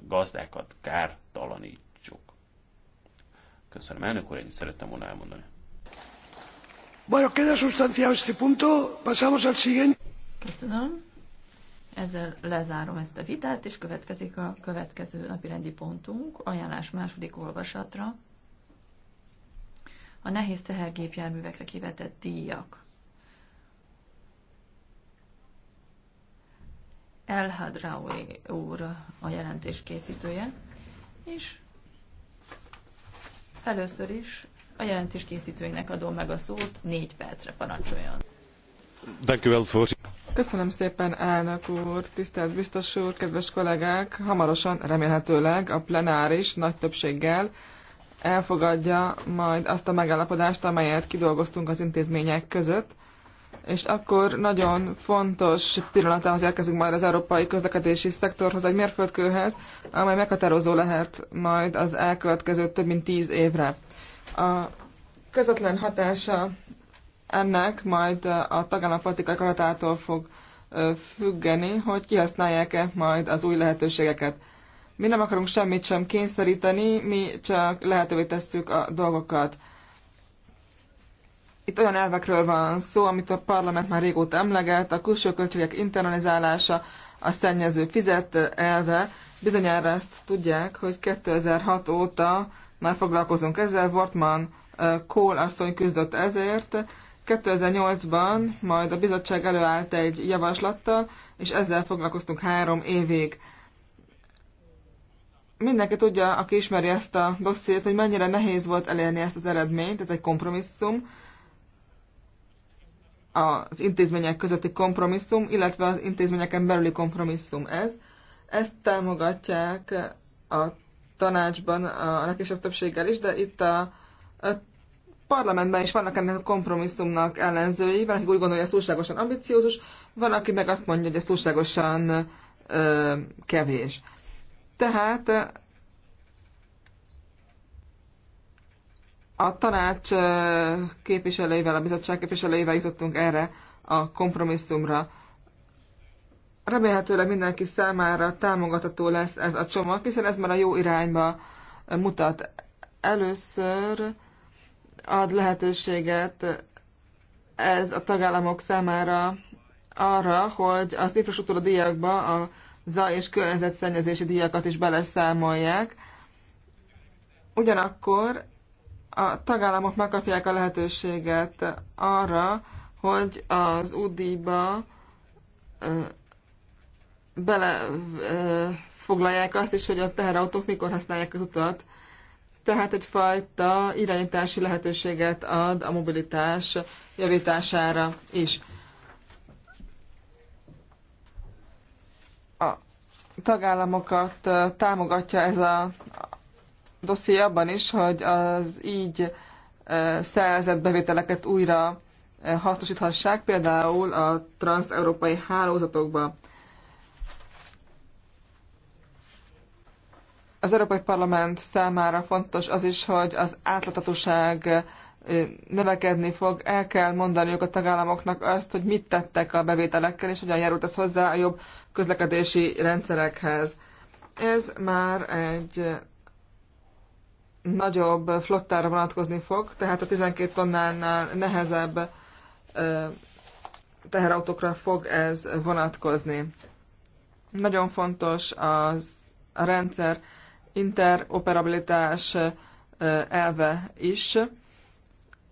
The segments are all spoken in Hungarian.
gazdákat kártalanítsuk. Köszönöm, elnök úr, én szerettem volna elmondani. Bueno, queda sustanciado este punto. Pasamos al siguiente. Köszönöm. Ezzel lezárom ezt a vitát, és következik a következő napi rendi pontunk, ajánlás második olvasatra. A nehéz tehergépjárművekre kivetett díjak. El Hadraui úr a jelentés készítője, és először is a jelentés készítőinek adom meg a szót, négy percre parancsoljon. Köszönöm szépen, elnök úr, tisztelt biztos úr, kedves kollégák! Hamarosan, remélhetőleg a plenáris nagy többséggel elfogadja majd azt a megállapodást, amelyet kidolgoztunk az intézmények között, és akkor nagyon fontos pillanatához érkezünk majd az európai közlekedési szektorhoz, egy mérföldkőhez, amely meghatározó lehet majd az elkövetkező több mint tíz évre. A közvetlen hatása ennek majd a politikai karatától fog függeni, hogy kihasználják-e majd az új lehetőségeket. Mi nem akarunk semmit sem kényszeríteni, mi csak lehetővé tesszük a dolgokat. Itt olyan elvekről van szó, amit a parlament már régóta emleget, a külső költségek internalizálása, a szennyező fizet elve. Bizonyára ezt tudják, hogy 2006 óta már foglalkozunk ezzel, Wortman Kohl asszony küzdött ezért. 2008-ban majd a bizottság előállt egy javaslattal, és ezzel foglalkoztunk három évig. Mindenki tudja, aki ismeri ezt a dossziét, hogy mennyire nehéz volt elérni ezt az eredményt, ez egy kompromisszum, az intézmények közötti kompromisszum, illetve az intézményeken belüli kompromisszum ez. Ezt támogatják a tanácsban a legkisebb többséggel is, de itt a, a parlamentben is vannak ennek a kompromisszumnak ellenzői, van, aki úgy gondolja, hogy ez túlságosan ambiciózus, van, aki meg azt mondja, hogy ez túlságosan ö, kevés. Tehát A tanács képviselőivel, a bizottság képviselőivel jutottunk erre a kompromisszumra. Remélhetőleg mindenki számára támogatható lesz ez a csomag, hiszen ez már a jó irányba mutat. Először ad lehetőséget ez a tagállamok számára arra, hogy az infrastruktúra díjakba a zaj és környezetszennyezési díjakat is beleszámolják. Ugyanakkor a tagállamok megkapják a lehetőséget arra, hogy az UDI-ba belefoglalják azt is, hogy a teherautók mikor használják az utat. Tehát egyfajta irányítási lehetőséget ad a mobilitás javítására is. A tagállamokat támogatja ez a dosszié abban is, hogy az így szerzett bevételeket újra hasznosíthassák, például a transeurópai hálózatokba. Az Európai Parlament számára fontos az is, hogy az átláthatóság növekedni fog. El kell mondaniuk a tagállamoknak azt, hogy mit tettek a bevételekkel, és hogyan járult ez hozzá a jobb közlekedési rendszerekhez. Ez már egy nagyobb flottára vonatkozni fog, tehát a 12 tonnánál nehezebb teherautókra fog ez vonatkozni. Nagyon fontos az, a rendszer interoperabilitás elve is.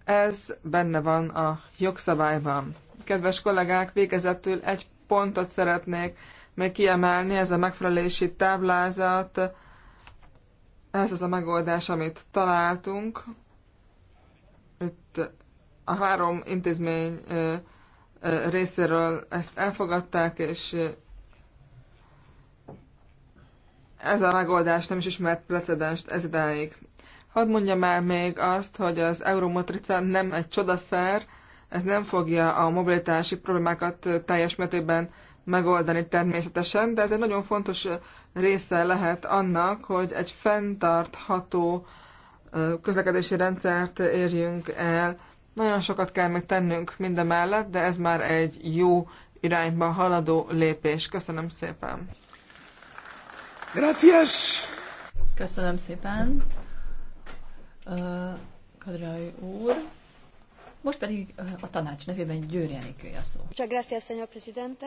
Ez benne van a jogszabályban. Kedves kollégák, végezetül egy pontot szeretnék még kiemelni, ez a megfelelési táblázat, ez az a megoldás, amit találtunk. Itt a három intézmény részéről ezt elfogadták, és ez a megoldás nem is ismert precedenst ez idáig. Hadd mondja már még azt, hogy az euromatrica nem egy csodaszer, ez nem fogja a mobilitási problémákat teljes mértékben megoldani természetesen, de ez egy nagyon fontos része lehet annak, hogy egy fenntartható közlekedési rendszert érjünk el. Nagyon sokat kell még tennünk mindemellett, de ez már egy jó irányba haladó lépés. Köszönöm szépen! Gracias! Köszönöm szépen, Kadraj úr. Most pedig a tanács nevében Győri Enikője a szó. Csak gracias, señor presidente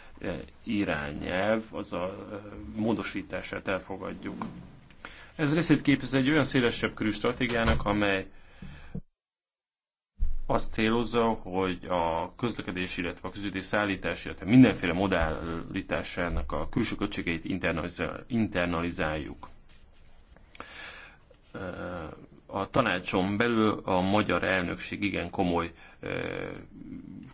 irányelv, az a eh, módosítását elfogadjuk. Ez részét képez egy olyan szélesebb körű stratégiának, amely azt célozza, hogy a közlekedés, illetve a közütés szállítás, illetve mindenféle modellításának a külső költségeit internalizáljuk. Eh, a tanácson belül a magyar elnökség igen komoly eh,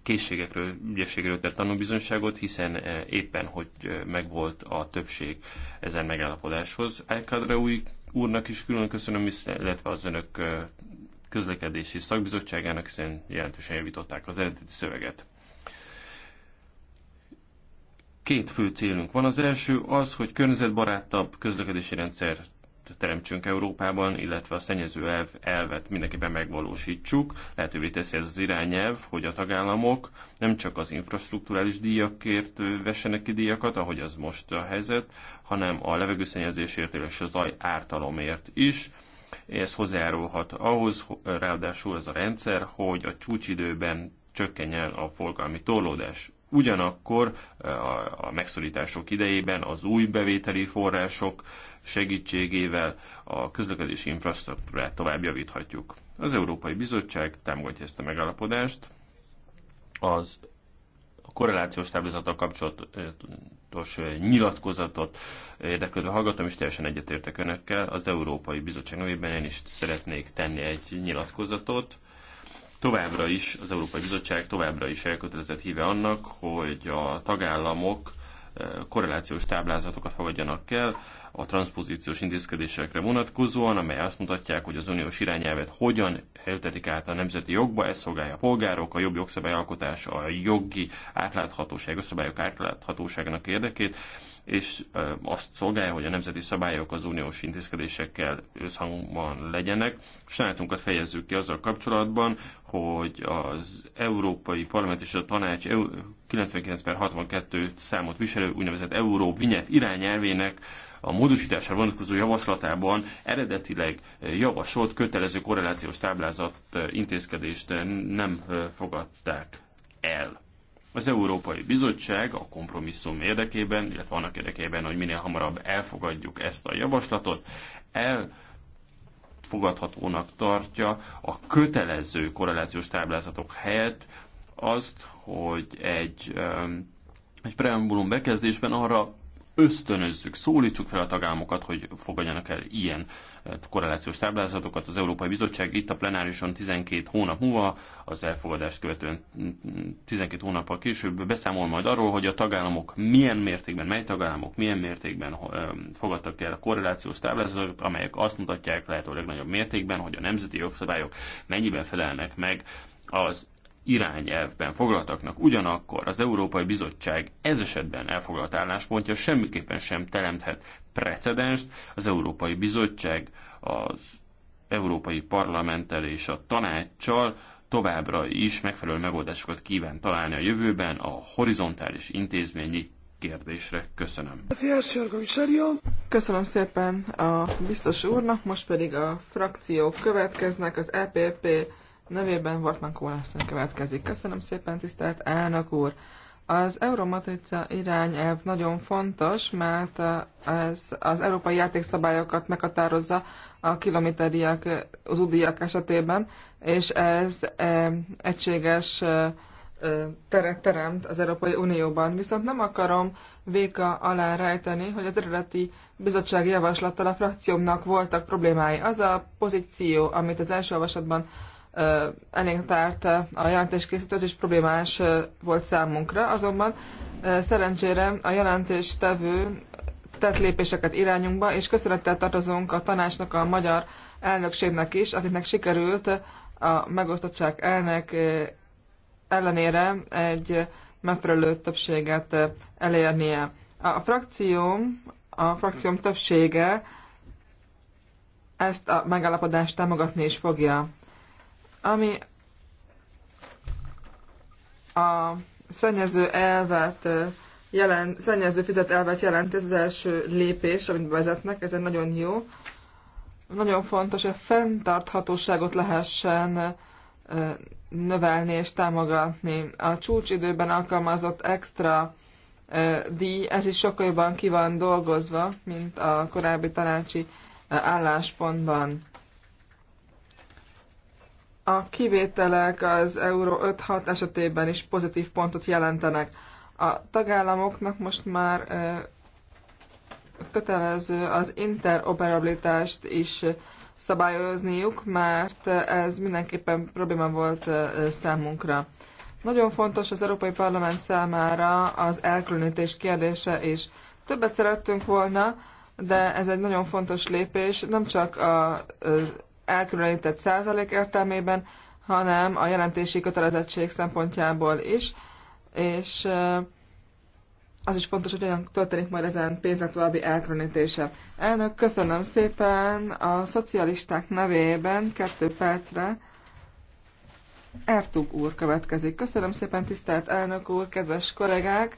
készségekről, ügyességről tett tanúbizonyságot, hiszen e, éppen, hogy e, megvolt a többség ezen megállapodáshoz. Elkadra új úrnak is külön köszönöm, illetve az önök e, közlekedési szakbizottságának, hiszen jelentősen javították az eredeti szöveget. Két fő célunk van. Az első az, hogy környezetbarátabb közlekedési rendszert teremtsünk Európában, illetve a szennyező elv, elvet mindenképpen megvalósítsuk. Lehetővé teszi ez az irányelv, hogy a tagállamok nem csak az infrastruktúrális díjakért vessenek ki díjakat, ahogy az most a helyzet, hanem a levegőszennyezésért és a zaj ártalomért is. Ez hozzájárulhat ahhoz, ráadásul ez a rendszer, hogy a csúcsidőben csökkenjen a forgalmi torlódás. Ugyanakkor eh, a megszorítások idejében az új bevételi források segítségével a közlekedési infrastruktúrát tovább javíthatjuk. Az Európai Bizottság támogatja ezt a megállapodást. Az a korrelációs táblázattal kapcsolatos eh, nyilatkozatot eh, érdeklődve hallgatom, és teljesen egyetértek önökkel. Az Európai Bizottság nevében én is szeretnék tenni egy nyilatkozatot továbbra is, az Európai Bizottság továbbra is elkötelezett híve annak, hogy a tagállamok eh, korrelációs táblázatokat fogadjanak el a transpozíciós intézkedésekre vonatkozóan, amely azt mutatják, hogy az uniós irányelvet hogyan eltetik át a nemzeti jogba, ez szolgálja a polgárok, a jobb jogszabályalkotás, a jogi átláthatóság, a szabályok átláthatóságának érdekét, és azt szolgálja, hogy a nemzeti szabályok az uniós intézkedésekkel összhangban legyenek. Sajátunkat fejezzük ki azzal kapcsolatban, hogy az Európai Parlament és a Tanács 99 62 számot viselő úgynevezett Euró vinyet irányelvének a módosításra vonatkozó javaslatában eredetileg javasolt kötelező korrelációs táblázat intézkedést nem fogadták el. Az Európai Bizottság a kompromisszum érdekében, illetve annak érdekében, hogy minél hamarabb elfogadjuk ezt a javaslatot, el fogadhatónak tartja a kötelező korrelációs táblázatok helyett azt, hogy egy, um, egy preambulum bekezdésben arra ösztönözzük, szólítsuk fel a tagállamokat, hogy fogadjanak el ilyen eh, korrelációs táblázatokat. Az Európai Bizottság itt a plenárison 12 hónap múlva, az elfogadást követően 12 mm, mm, hónappal később beszámol majd arról, hogy a tagállamok milyen mértékben, mely tagállamok milyen mértékben eh, fogadtak el a korrelációs táblázatokat, amelyek azt mutatják lehetőleg nagyobb mértékben, hogy a nemzeti jogszabályok mennyiben felelnek meg az irányelvben foglaltaknak, ugyanakkor az Európai Bizottság ez esetben elfoglalt álláspontja semmiképpen sem teremthet precedenst. Az Európai Bizottság az Európai Parlamenttel és a tanácssal továbbra is megfelelő megoldásokat kíván találni a jövőben a horizontális intézményi kérdésre. Köszönöm. Köszönöm szépen a biztos úrnak, most pedig a frakciók következnek, az EPP nevében Wortmann Kólászon következik. Köszönöm szépen, tisztelt elnök úr! Az Euromatrica irányelv nagyon fontos, mert eh, ez az európai játékszabályokat meghatározza a kilométeriek, az udiak esetében, és ez eh, egységes eh, teret teremt az Európai Unióban. Viszont nem akarom véka alá rejteni, hogy az eredeti bizottsági javaslattal a frakciómnak voltak problémái. Az a pozíció, amit az első olvasatban elénk tárt a jelentéskészítő, ez is problémás volt számunkra, azonban szerencsére a jelentéstevő tett lépéseket irányunkba, és köszönettel tartozunk a tanácsnak, a magyar elnökségnek is, akiknek sikerült a megosztottság elnök ellenére egy megfelelő többséget elérnie. A frakcióm, a frakcióm többsége ezt a megállapodást támogatni is fogja. Ami a szennyező elvet jelent szennyező fizet elvet jelent, ez az első lépés, amit vezetnek, ez egy nagyon jó. Nagyon fontos, hogy a fenntarthatóságot lehessen növelni és támogatni. A csúcsidőben alkalmazott extra díj, ez is sokkal jobban ki van dolgozva, mint a korábbi tanácsi álláspontban. A kivételek az Euró 5-6 esetében is pozitív pontot jelentenek. A tagállamoknak most már kötelező az interoperabilitást is szabályozniuk, mert ez mindenképpen probléma volt számunkra. Nagyon fontos az Európai Parlament számára az elkülönítés kérdése is. Többet szerettünk volna, de ez egy nagyon fontos lépés, nem csak a elkülönített százalék értelmében, hanem a jelentési kötelezettség szempontjából is, és az is fontos, hogy olyan történik majd ezen pénzek további elkülönítése. Elnök, köszönöm szépen a szocialisták nevében kettő percre. Ertug úr következik. Köszönöm szépen, tisztelt elnök úr, kedves kollégák!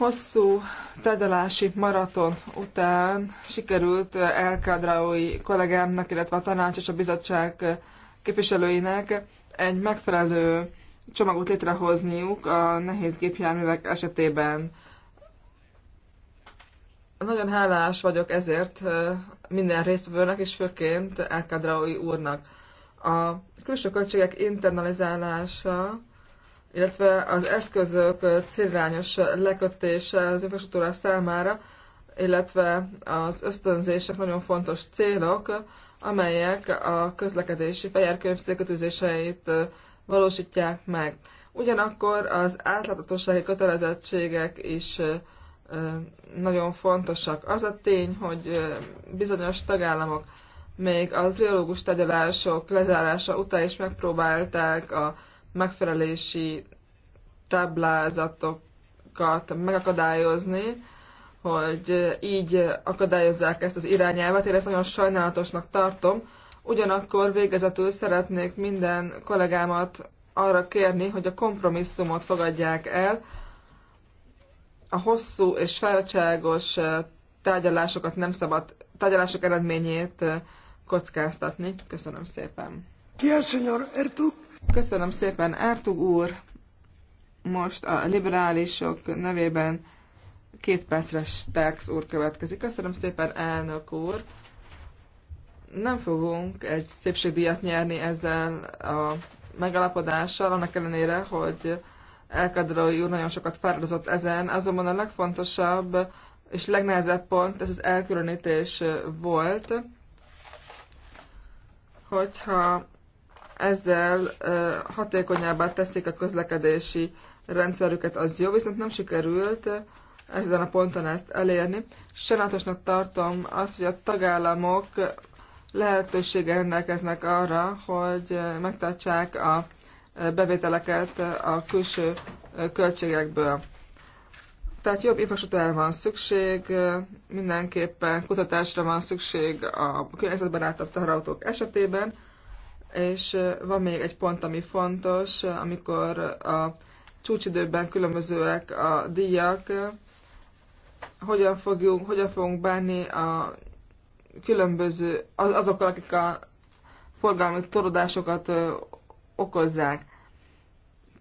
Hosszú tedelási maraton után sikerült El Kadraui kollégámnak, illetve a tanács és a bizottság képviselőinek egy megfelelő csomagot létrehozniuk a nehéz gépjárművek esetében. Nagyon hálás vagyok ezért minden résztvevőnek, és főként Kadraui úrnak. A külső költségek internalizálása illetve az eszközök célirányos lekötése az infrastruktúra számára, illetve az ösztönzések nagyon fontos célok, amelyek a közlekedési fehérkönyv célkötőzéseit valósítják meg. Ugyanakkor az átláthatósági kötelezettségek is nagyon fontosak. Az a tény, hogy bizonyos tagállamok még a triológus tegyelások lezárása után is megpróbálták a megfelelési táblázatokat megakadályozni, hogy így akadályozzák ezt az irányelvet. Én ezt nagyon sajnálatosnak tartom. Ugyanakkor végezetül szeretnék minden kollégámat arra kérni, hogy a kompromisszumot fogadják el, a hosszú és fáradtságos tárgyalásokat nem szabad, tárgyalások eredményét kockáztatni. Köszönöm szépen. Kia, señor Ertug. Köszönöm szépen, Ertug úr. Most a liberálisok nevében két percre Stax úr következik. Köszönöm szépen, elnök úr. Nem fogunk egy szépségdíjat nyerni ezzel a megalapodással, annak ellenére, hogy Elkadrói úr nagyon sokat fáradozott ezen, azonban a legfontosabb és legnehezebb pont ez az elkülönítés volt, hogyha ezzel hatékonyabbá teszik a közlekedési rendszerüket, az jó, viszont nem sikerült ezen a ponton ezt elérni. Sajnálatosnak tartom azt, hogy a tagállamok lehetősége rendelkeznek arra, hogy megtartsák a bevételeket a külső költségekből. Tehát jobb infrastruktúrára van szükség, mindenképpen kutatásra van szükség a környezetbarátabb teherautók esetében, és van még egy pont, ami fontos, amikor a csúcsidőben különbözőek a díjak, hogyan, fogjuk, hogyan fogunk bánni a különböző, az, azokkal, akik a forgalmi torodásokat okozzák.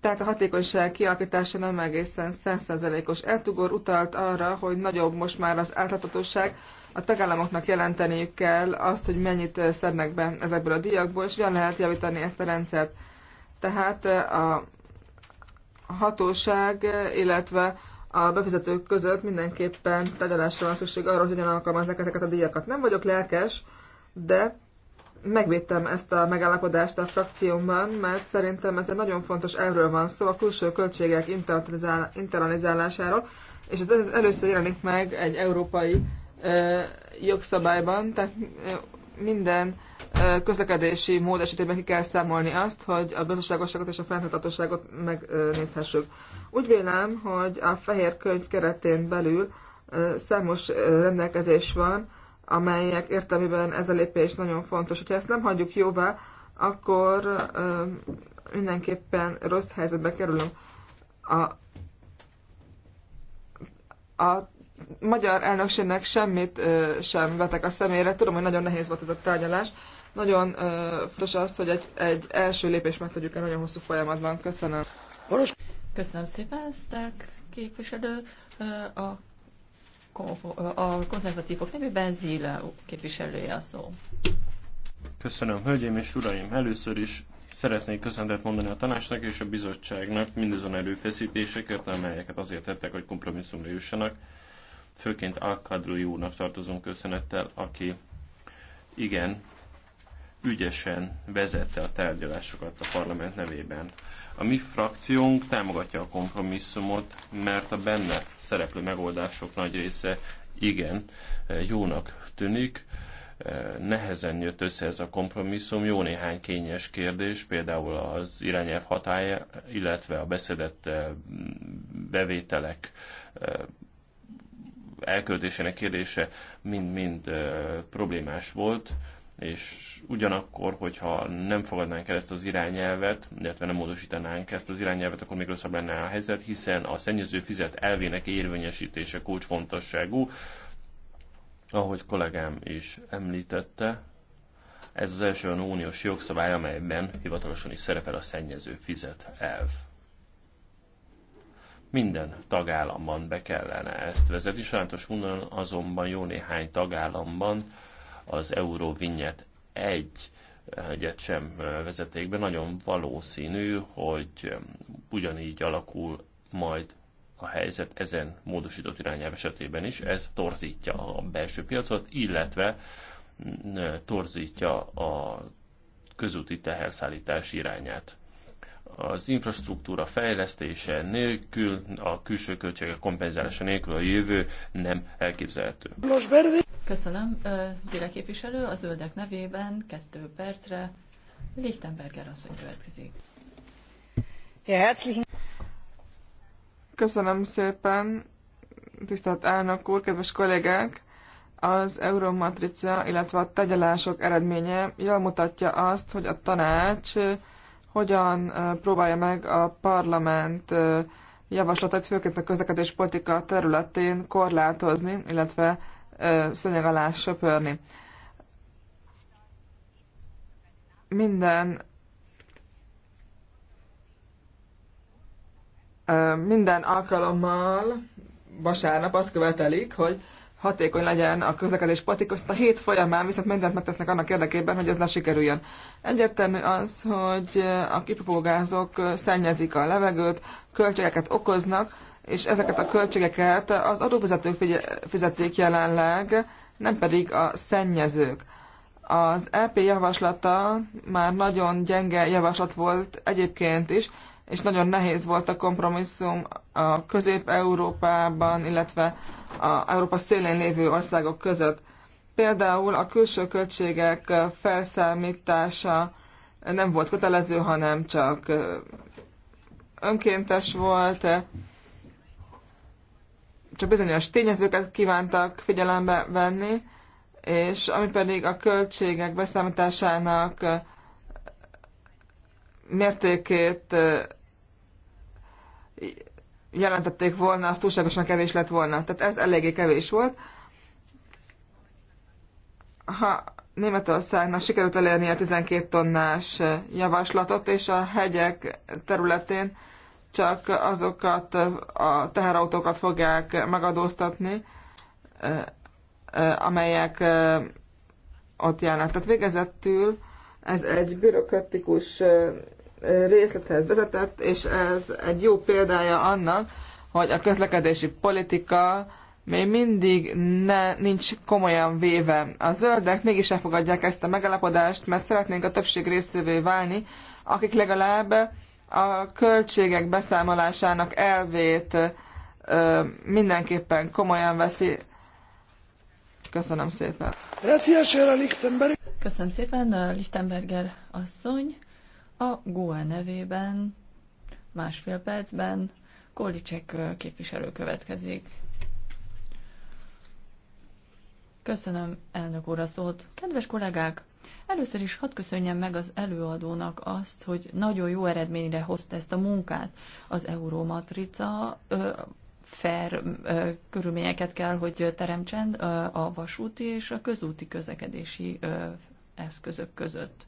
Tehát a hatékonyság kialakítása nem egészen 100%-os. Eltugor utalt arra, hogy nagyobb most már az átláthatóság, a tagállamoknak jelenteniük kell azt, hogy mennyit szednek be ezekből a díjakból, és hogyan lehet javítani ezt a rendszert. Tehát a hatóság, illetve a befizetők között mindenképpen tárgyalásra van szükség arról, hogy hogyan alkalmazzák ezeket a díjakat. Nem vagyok lelkes, de megvédtem ezt a megállapodást a frakciómban, mert szerintem ez egy nagyon fontos erről van szó, a külső költségek internalizálásáról, és ez először jelenik meg egy európai jogszabályban, tehát minden közlekedési mód esetében ki kell számolni azt, hogy a gazdaságosságot és a fenntartatóságot megnézhessük. Úgy vélem, hogy a fehér könyv keretén belül számos rendelkezés van, amelyek értelmében ez a lépés nagyon fontos. Ha ezt nem hagyjuk jóvá, akkor mindenképpen rossz helyzetbe kerülünk. A, a magyar elnökségnek semmit sem vetek a szemére. Tudom, hogy nagyon nehéz volt ez a tárgyalás. Nagyon fontos az, hogy egy, egy első lépés, meg tudjuk egy nagyon hosszú folyamatban. Köszönöm. Köszönöm szépen, Stark képviselő. A, a konzervatívok nevében Zíle képviselője a szó. Köszönöm, hölgyeim és uraim! Először is szeretnék köszöntet mondani a tanácsnak és a bizottságnak mindazon erőfeszítésekért, amelyeket azért tettek, hogy kompromisszumra jussanak Főként Alkadrui úrnak tartozunk köszönettel, aki igen, ügyesen vezette a tárgyalásokat a parlament nevében. A mi frakciónk támogatja a kompromisszumot, mert a benne szereplő megoldások nagy része igen, e, jónak tűnik. E, nehezen jött össze ez a kompromisszum, jó néhány kényes kérdés, például az irányelv hatája, illetve a beszedett e, bevételek elköltésének kérdése mind-mind problémás volt, és ugyanakkor, hogyha nem fogadnánk el ezt az irányelvet, illetve nem módosítanánk ezt az irányelvet, akkor még rosszabb lenne a helyzet, hiszen a szennyező fizet elvének érvényesítése kulcsfontosságú, ahogy kollégám is említette, ez az első olyan uniós jogszabály, amelyben hivatalosan is szerepel a szennyező fizet elv minden tagállamban be kellene ezt vezetni. Sajnos mondanom azonban jó néhány tagállamban az Eurovinyet egy egyet sem vezeték be. Nagyon valószínű, hogy ugyanígy alakul majd a helyzet ezen módosított irányelv esetében is. Ez torzítja a belső piacot, illetve torzítja a közúti teherszállítás irányát az infrastruktúra fejlesztése nélkül, a külső költségek kompenzálása nélkül a jövő nem elképzelhető. Köszönöm, Déle képviselő, a zöldek nevében kettő percre Lichtenberger asszony következik. Köszönöm szépen, tisztelt elnök úr, kedves kollégák! Az Euromatrica, illetve a tegyelások eredménye jól mutatja azt, hogy a tanács hogyan próbálja meg a parlament javaslatot, főként a közlekedés politika területén korlátozni, illetve szönyeg alá söpörni. Minden minden alkalommal vasárnap azt követelik, hogy hatékony legyen a közlekedés politika, a hét folyamán viszont mindent megtesznek annak érdekében, hogy ez ne sikerüljön. Egyértelmű az, hogy a kipufogázók szennyezik a levegőt, költségeket okoznak, és ezeket a költségeket az adófizetők fizetik jelenleg, nem pedig a szennyezők. Az EP javaslata már nagyon gyenge javaslat volt egyébként is, és nagyon nehéz volt a kompromisszum a Közép-Európában, illetve a Európa szélén lévő országok között. Például a külső költségek felszámítása nem volt kötelező, hanem csak önkéntes volt, csak bizonyos tényezőket kívántak figyelembe venni, és ami pedig a költségek beszámításának mértékét jelentették volna, az túlságosan kevés lett volna. Tehát ez eléggé kevés volt. Ha Németországnak sikerült elérni a 12 tonnás javaslatot, és a hegyek területén csak azokat a teherautókat fogják megadóztatni, amelyek ott járnak. Tehát végezettül ez egy bürokratikus részlethez vezetett, és ez egy jó példája annak, hogy a közlekedési politika még mindig ne, nincs komolyan véve. A zöldek mégis elfogadják ezt a megállapodást, mert szeretnénk a többség részévé válni, akik legalább a költségek beszámolásának elvét ö, mindenképpen komolyan veszi. Köszönöm szépen. Köszönöm szépen, Lichtenberger asszony. A GUE nevében másfél percben Kolicek képviselő következik. Köszönöm, elnök úr, a szót. Kedves kollégák, először is hadd köszönjem meg az előadónak azt, hogy nagyon jó eredményre hozta ezt a munkát. Az Eurómatrica fair ö, körülményeket kell, hogy teremtsen ö, a vasúti és a közúti közlekedési ö, eszközök között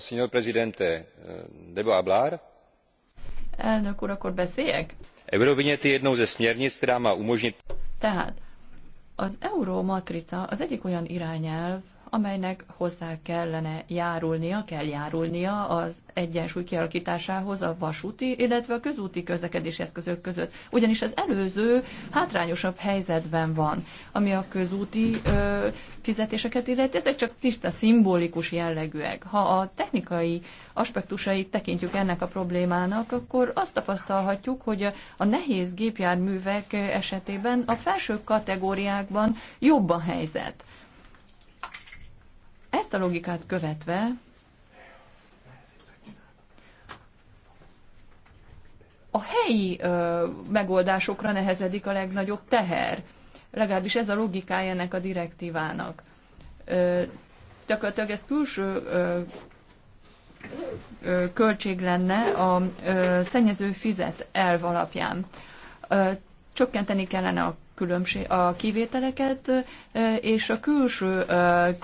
señor presidente eh, debo hablar? elnök úr akkor beszéljek? eurovignette jednou ze směrnic která má umožnit. tehát az euromatrica az egyik olyan irányelv amelynek hozzá kellene járulnia, kell járulnia az egyensúly kialakításához a vasúti, illetve a közúti közlekedési eszközök között. Ugyanis az előző hátrányosabb helyzetben van, ami a közúti ö, fizetéseket illeti, ezek csak tiszta szimbolikus jellegűek. Ha a technikai aspektusait tekintjük ennek a problémának, akkor azt tapasztalhatjuk, hogy a nehéz gépjárművek esetében a felső kategóriákban jobb a helyzet ezt a logikát követve a helyi ö, megoldásokra nehezedik a legnagyobb teher. Legalábbis ez a logikája ennek a direktívának. Ö, gyakorlatilag ez külső ö, ö, költség lenne a ö, szennyező fizet elv alapján. Ö, csökkenteni kellene a különbség, a kivételeket, és a külső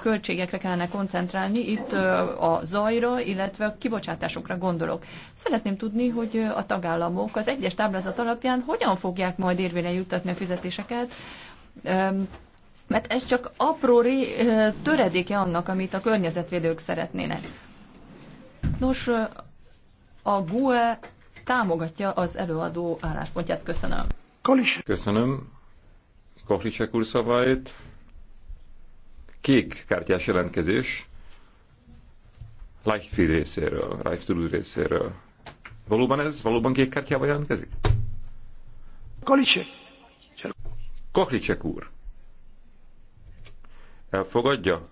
költségekre kellene koncentrálni, itt a zajra, illetve a kibocsátásokra gondolok. Szeretném tudni, hogy a tagállamok az egyes táblázat alapján hogyan fogják majd érvényre juttatni a fizetéseket, mert ez csak apró töredéke annak, amit a környezetvédők szeretnének. Nos, a GUE támogatja az előadó álláspontját. Köszönöm. Köszönöm. Kohlicek úr szavait. Kék kártyás jelentkezés. Lightfield részéről, Lightfield úr részéről. Valóban ez? Valóban kék kártyával jelentkezik? Kohlicek. Kohlicek úr. Elfogadja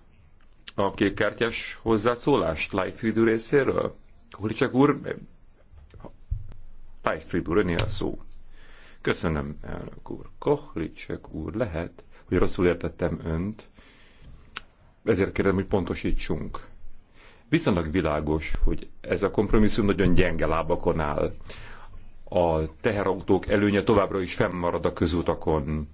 a kék kártyás hozzászólást Lightfield úr részéről? Kohlicek úr, Lightfield úr, a szó. Köszönöm, elnök úr. Kohlicsek úr, lehet, hogy rosszul értettem önt, ezért kérem, hogy pontosítsunk. Viszonylag világos, hogy ez a kompromisszum nagyon gyenge lábakon áll. A teherautók előnye továbbra is fennmarad a közutakon.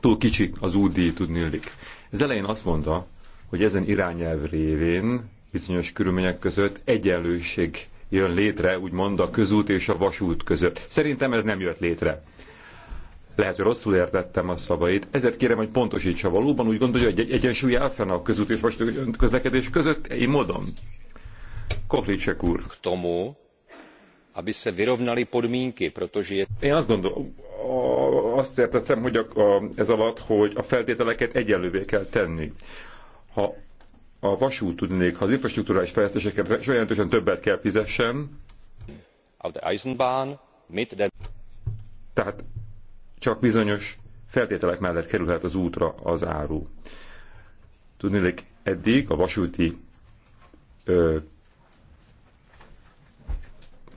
Túl kicsi az útdíj, tudnélik. Ez elején azt mondta, hogy ezen irányelv révén bizonyos körülmények között egyenlőség jön létre, úgymond a közút és a vasút között. Szerintem ez nem jött létre. Lehet, hogy rosszul értettem a szavait. Ezért kérem, hogy pontosítsa valóban. Úgy gondolja, hogy egy egyensúly áll fenn a közút és vasút közlekedés között? Én módon. Kotlicsek úr. K tomu, aby se vyrovnali podmínky, protože je... Én azt gondolom, azt értettem, hogy a, a, ez alatt, hogy a feltételeket egyenlővé kell tenni. Ha a vasút tudnék, ha az infrastruktúrális fejlesztéseket jelentősen többet kell fizessen. Tehát csak bizonyos feltételek mellett kerülhet az útra az áru. Tudnék eddig a vasúti ö,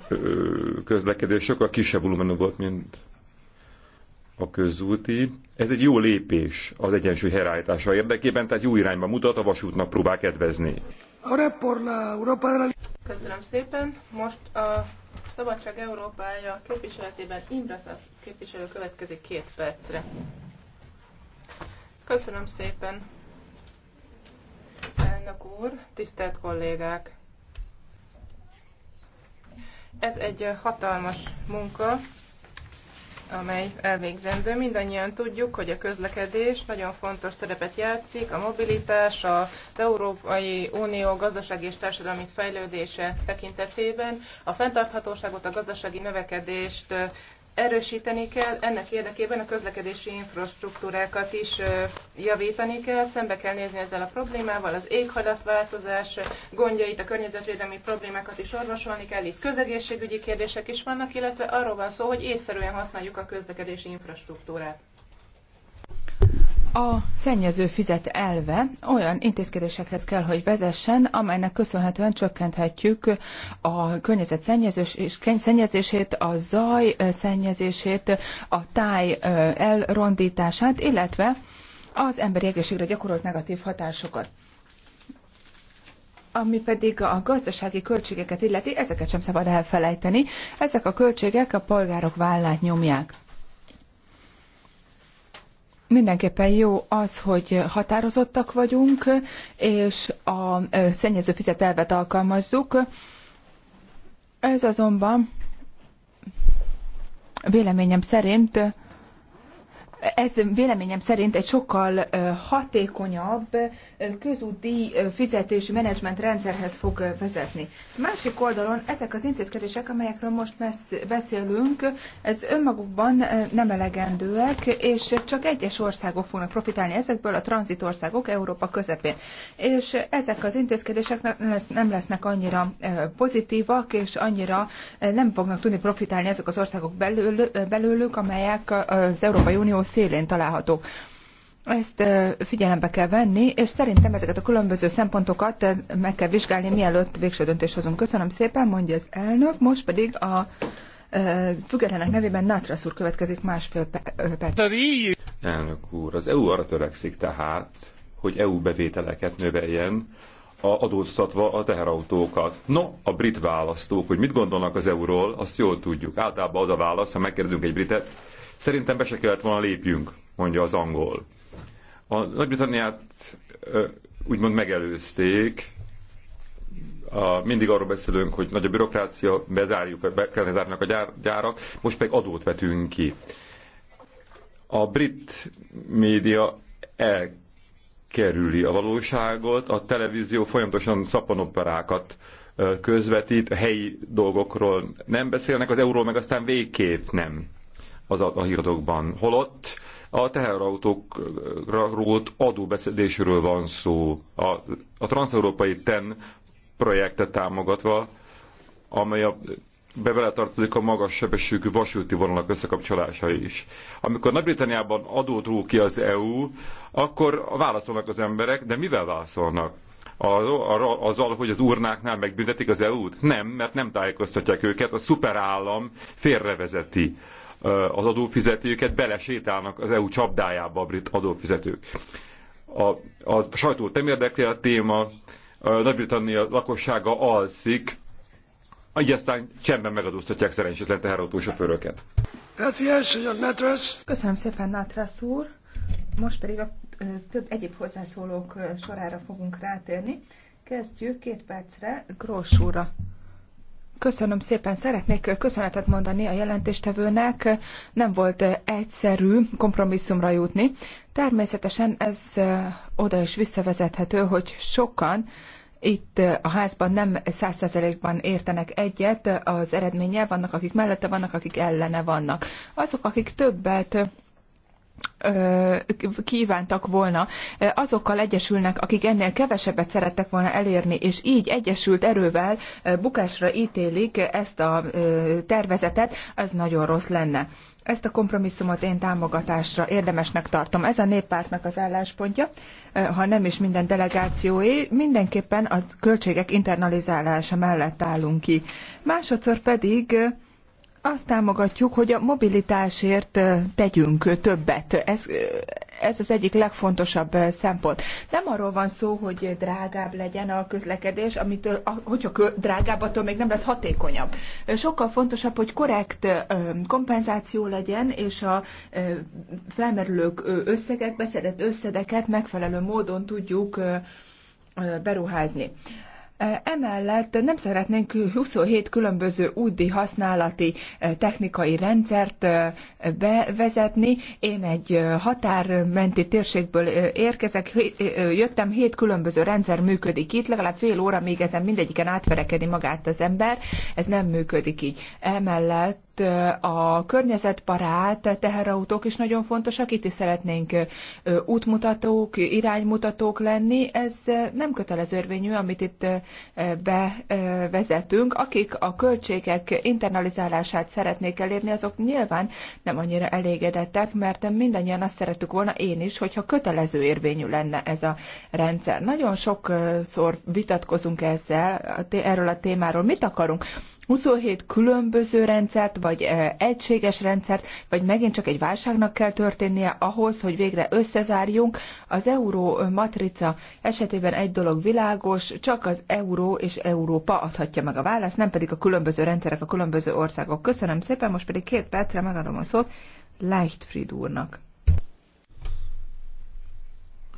ö, közlekedés sokkal kisebb volumenú volt, mint a közúti. Ez egy jó lépés az egyensúly helyreállítása érdekében, tehát jó irányba mutat, a vasútnak próbál kedvezni. Köszönöm szépen. Most a Szabadság Európája képviseletében Imbrasz képviselő következik két percre. Köszönöm szépen, elnök úr, tisztelt kollégák! Ez egy hatalmas munka, amely elvégzendő. Mindannyian tudjuk, hogy a közlekedés nagyon fontos szerepet játszik, a mobilitás, az Európai Unió gazdasági és társadalmi fejlődése tekintetében. A fenntarthatóságot, a gazdasági növekedést erősíteni kell, ennek érdekében a közlekedési infrastruktúrákat is javítani kell, szembe kell nézni ezzel a problémával, az éghajlatváltozás gondjait, a környezetvédelmi problémákat is orvosolni kell, itt közegészségügyi kérdések is vannak, illetve arról van szó, hogy észszerűen használjuk a közlekedési infrastruktúrát a szennyező fizet elve olyan intézkedésekhez kell, hogy vezessen, amelynek köszönhetően csökkenthetjük a környezet szennyezését, a zaj szennyezését, a táj elrondítását, illetve az emberi egészségre gyakorolt negatív hatásokat. Ami pedig a gazdasági költségeket illeti, ezeket sem szabad elfelejteni. Ezek a költségek a polgárok vállát nyomják. Mindenképpen jó az, hogy határozottak vagyunk, és a szennyező fizet elvet alkalmazzuk. Ez azonban véleményem szerint ez véleményem szerint egy sokkal hatékonyabb közúti fizetési menedzsment rendszerhez fog vezetni. Másik oldalon ezek az intézkedések, amelyekről most beszélünk, ez önmagukban nem elegendőek, és csak egyes országok fognak profitálni ezekből, a tranzitországok Európa közepén. És ezek az intézkedések nem lesznek annyira pozitívak, és annyira nem fognak tudni profitálni ezek az országok belőlük, amelyek az Európai Unió szélén találhatók. Ezt figyelembe kell venni, és szerintem ezeket a különböző szempontokat meg kell vizsgálni, mielőtt végső döntés hozunk. Köszönöm szépen, mondja az elnök, most pedig a függetlenek nevében Nátrasz úr következik másfél perc. Elnök úr, az EU arra törekszik tehát, hogy EU bevételeket növeljen, a adóztatva a teherautókat. No, a brit választók, hogy mit gondolnak az euról, azt jól tudjuk. Általában az a válasz, ha megkérdezünk egy britet, Szerintem be se kellett volna lépjünk, mondja az angol. A Nagy-Britanniát úgymond megelőzték, a, mindig arról beszélünk, hogy nagy a bürokrácia, bezárjuk, be kellene zárnak a gyár, gyárak, most pedig adót vetünk ki. A brit média elkerüli a valóságot, a televízió folyamatosan szaponoperákat közvetít, a helyi dolgokról nem beszélnek, az euró meg aztán végképp nem az a, a híradókban. Holott a teherautókra rólt adóbeszedésről van szó. A, a transeurópai TEN projektet támogatva, amely a be tartozik a magas sebességű vasúti vonalak összekapcsolása is. Amikor Nagy-Britanniában adót rúg ki az EU, akkor válaszolnak az emberek, de mivel válaszolnak? azzal, hogy az urnáknál megbüntetik az EU-t? Nem, mert nem tájékoztatják őket, a szuperállam félrevezeti az adófizetőket, belesétálnak az EU csapdájába a brit adófizetők. A, a sajtó nem érdekli a téma, Nagy-Britannia lakossága alszik, így aztán csendben megadóztatják szerencsétlen teherautósofőröket. Köszönöm szépen, Natras úr. Most pedig a több egyéb hozzászólók sorára fogunk rátérni. Kezdjük két percre Gross úrra. Köszönöm szépen. Szeretnék köszönetet mondani a jelentéstevőnek. Nem volt egyszerű kompromisszumra jutni. Természetesen ez oda is visszavezethető, hogy sokan itt a házban nem százszerzelékban értenek egyet az eredménnyel, vannak akik mellette, vannak akik ellene vannak. Azok, akik többet kívántak volna, azokkal egyesülnek, akik ennél kevesebbet szerettek volna elérni, és így egyesült erővel bukásra ítélik ezt a tervezetet, az nagyon rossz lenne. Ezt a kompromisszumot én támogatásra érdemesnek tartom. Ez a néppártnak az álláspontja, ha nem is minden delegációé, mindenképpen a költségek internalizálása mellett állunk ki. Másodszor pedig azt támogatjuk, hogy a mobilitásért tegyünk többet. Ez, ez az egyik legfontosabb szempont. Nem arról van szó, hogy drágább legyen a közlekedés, amitől, hogyha drágább, attól még nem lesz hatékonyabb. Sokkal fontosabb, hogy korrekt kompenzáció legyen, és a felmerülő összegek, beszedett összegeket megfelelő módon tudjuk beruházni. Emellett nem szeretnénk 27 különböző údi használati eh, technikai rendszert eh, bevezetni. Én egy eh, határmenti térségből érkezek, jöttem, 7 különböző rendszer működik itt, legalább fél óra még ezen mindegyiken átverekedi magát az ember, ez nem működik így. Emellett itt a környezetbarát teherautók is nagyon fontosak, itt is szeretnénk útmutatók, iránymutatók lenni. Ez nem kötelező érvényű, amit itt bevezetünk. Akik a költségek internalizálását szeretnék elérni, azok nyilván nem annyira elégedettek, mert mindannyian azt szerettük volna én is, hogyha kötelező érvényű lenne ez a rendszer. Nagyon sokszor vitatkozunk ezzel, erről a témáról. Mit akarunk? 27 különböző rendszert, vagy egységes rendszert, vagy megint csak egy válságnak kell történnie ahhoz, hogy végre összezárjunk. Az euró matrica esetében egy dolog világos, csak az euró és Európa adhatja meg a választ, nem pedig a különböző rendszerek, a különböző országok. Köszönöm szépen, most pedig két percre megadom a szót Leichtfried úrnak.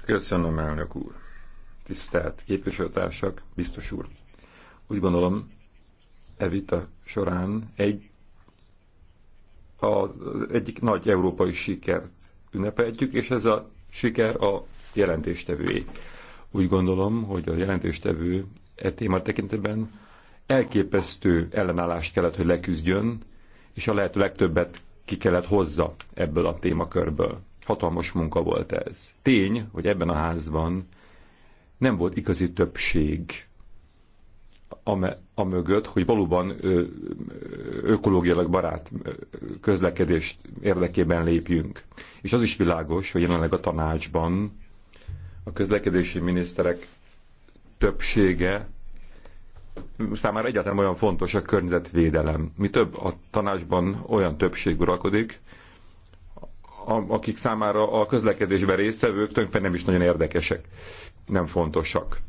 Köszönöm, elnök úr. Tisztelt képviselőtársak, biztos úr. Úgy gondolom, evita során egy, az egyik nagy európai sikert ünnepeljük, és ez a siker a jelentéstevőé. Úgy gondolom, hogy a jelentéstevő e téma tekintetben elképesztő ellenállást kellett, hogy leküzdjön, és a lehető legtöbbet ki kellett hozza ebből a témakörből. Hatalmas munka volt ez. Tény, hogy ebben a házban nem volt igazi többség, amely a mögött, hogy valóban ökológiailag barát közlekedés érdekében lépjünk. És az is világos, hogy jelenleg a tanácsban a közlekedési miniszterek többsége számára egyáltalán olyan fontos a környezetvédelem. Mi több a tanácsban olyan többség uralkodik, akik számára a közlekedésben résztvevők tulajdonképpen nem is nagyon érdekesek, nem fontosak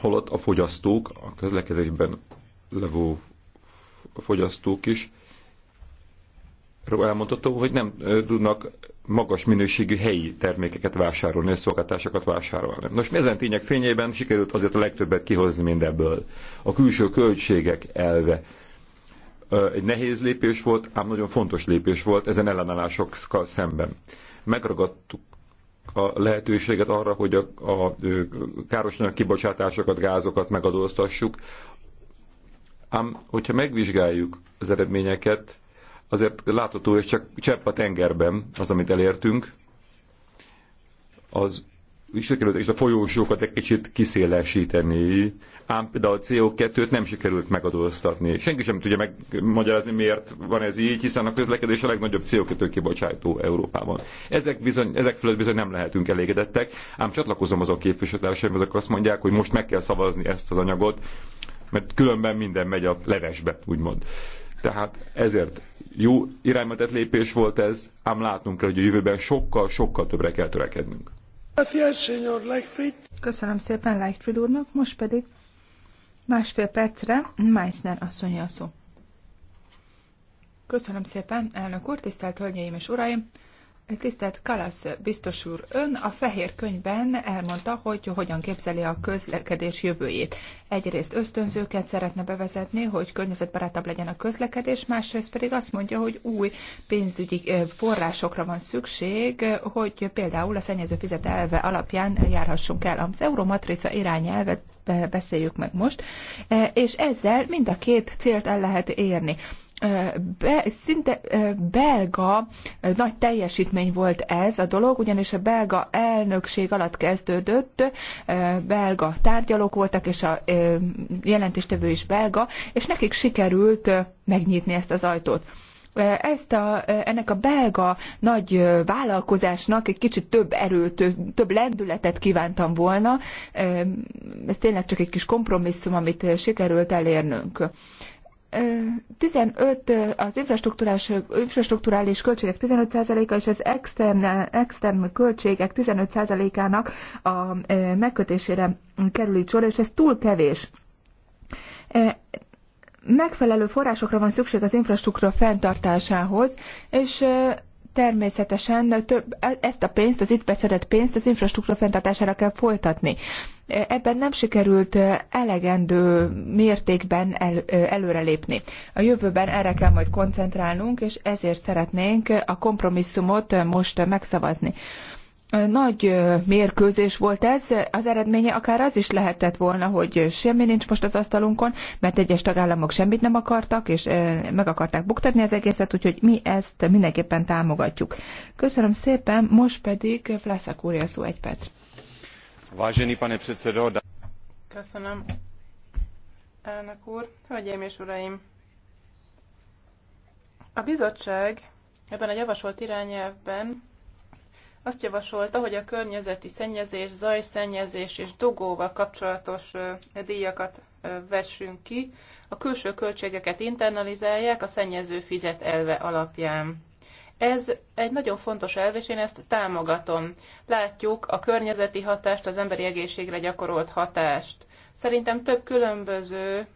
holott a fogyasztók, a közlekedésben levő fogyasztók is elmondható, hogy nem tudnak magas minőségű helyi termékeket vásárolni, szolgáltásokat vásárolni. Nos, ezen tények fényében sikerült azért a legtöbbet kihozni mindebből. A külső költségek elve egy nehéz lépés volt, ám nagyon fontos lépés volt ezen ellenállásokkal szemben. Megragadtuk a lehetőséget arra, hogy a, a, a károsanyag kibocsátásokat, gázokat megadóztassuk. Ám, hogyha megvizsgáljuk az eredményeket, azért látható, és csak csepp a tengerben az, amit elértünk. Az sikerült és a folyósókat egy kicsit kiszélesíteni, ám például a CO2-t nem sikerült megadóztatni. Senki sem tudja megmagyarázni, miért van ez így, hiszen a közlekedés a legnagyobb CO2 kibocsátó Európában. Ezek, bizony, ezek fölött bizony nem lehetünk elégedettek, ám csatlakozom azon képviselőtársaim, akik azt mondják, hogy most meg kell szavazni ezt az anyagot, mert különben minden megy a levesbe, úgymond. Tehát ezért jó irányba lépés volt ez, ám látnunk kell, hogy a jövőben sokkal-sokkal többre kell törekednünk. Köszönöm szépen Leichtfried úrnak, most pedig másfél percre Meissner asszony a szó. Köszönöm szépen, elnök úr, tisztelt hölgyeim és uraim! Tisztelt Kalasz biztos úr, ön a fehér könyvben elmondta, hogy hogyan képzeli a közlekedés jövőjét. Egyrészt ösztönzőket szeretne bevezetni, hogy környezetbarátabb legyen a közlekedés, másrészt pedig azt mondja, hogy új pénzügyi forrásokra van szükség, hogy például a szennyező fizet elve alapján járhassunk el. Az Euromatrica irányelvet beszéljük meg most, és ezzel mind a két célt el lehet érni be, szinte belga nagy teljesítmény volt ez a dolog, ugyanis a belga elnökség alatt kezdődött, belga tárgyalók voltak, és a jelentéstevő is belga, és nekik sikerült megnyitni ezt az ajtót. Ezt a, ennek a belga nagy vállalkozásnak egy kicsit több erőt, több lendületet kívántam volna. Ez tényleg csak egy kis kompromisszum, amit sikerült elérnünk. 15 az infrastrukturális infrastruktúrális költségek 15%-a és az extern, extern költségek 15%-ának a megkötésére kerül itt sor, és ez túl kevés. Megfelelő forrásokra van szükség az infrastruktúra fenntartásához, és természetesen több, ezt a pénzt, az itt beszedett pénzt az infrastruktúra fenntartására kell folytatni. Ebben nem sikerült elegendő mértékben el, előrelépni. A jövőben erre kell majd koncentrálnunk, és ezért szeretnénk a kompromisszumot most megszavazni nagy mérkőzés volt ez, az eredménye akár az is lehetett volna, hogy semmi nincs most az asztalunkon, mert egyes tagállamok semmit nem akartak, és meg akarták buktatni az egészet, úgyhogy mi ezt mindenképpen támogatjuk. Köszönöm szépen, most pedig Flaszak úr, szó egy perc. Vážený pane předsedo, Köszönöm. Elnök úr, hölgyeim és uraim! A bizottság ebben a javasolt irányelvben azt javasolta, hogy a környezeti szennyezés, zajszennyezés és dogóval kapcsolatos díjakat vessünk ki, a külső költségeket internalizálják a szennyező fizet elve alapján. Ez egy nagyon fontos elv, és én ezt támogatom. Látjuk a környezeti hatást, az emberi egészségre gyakorolt hatást. Szerintem több különböző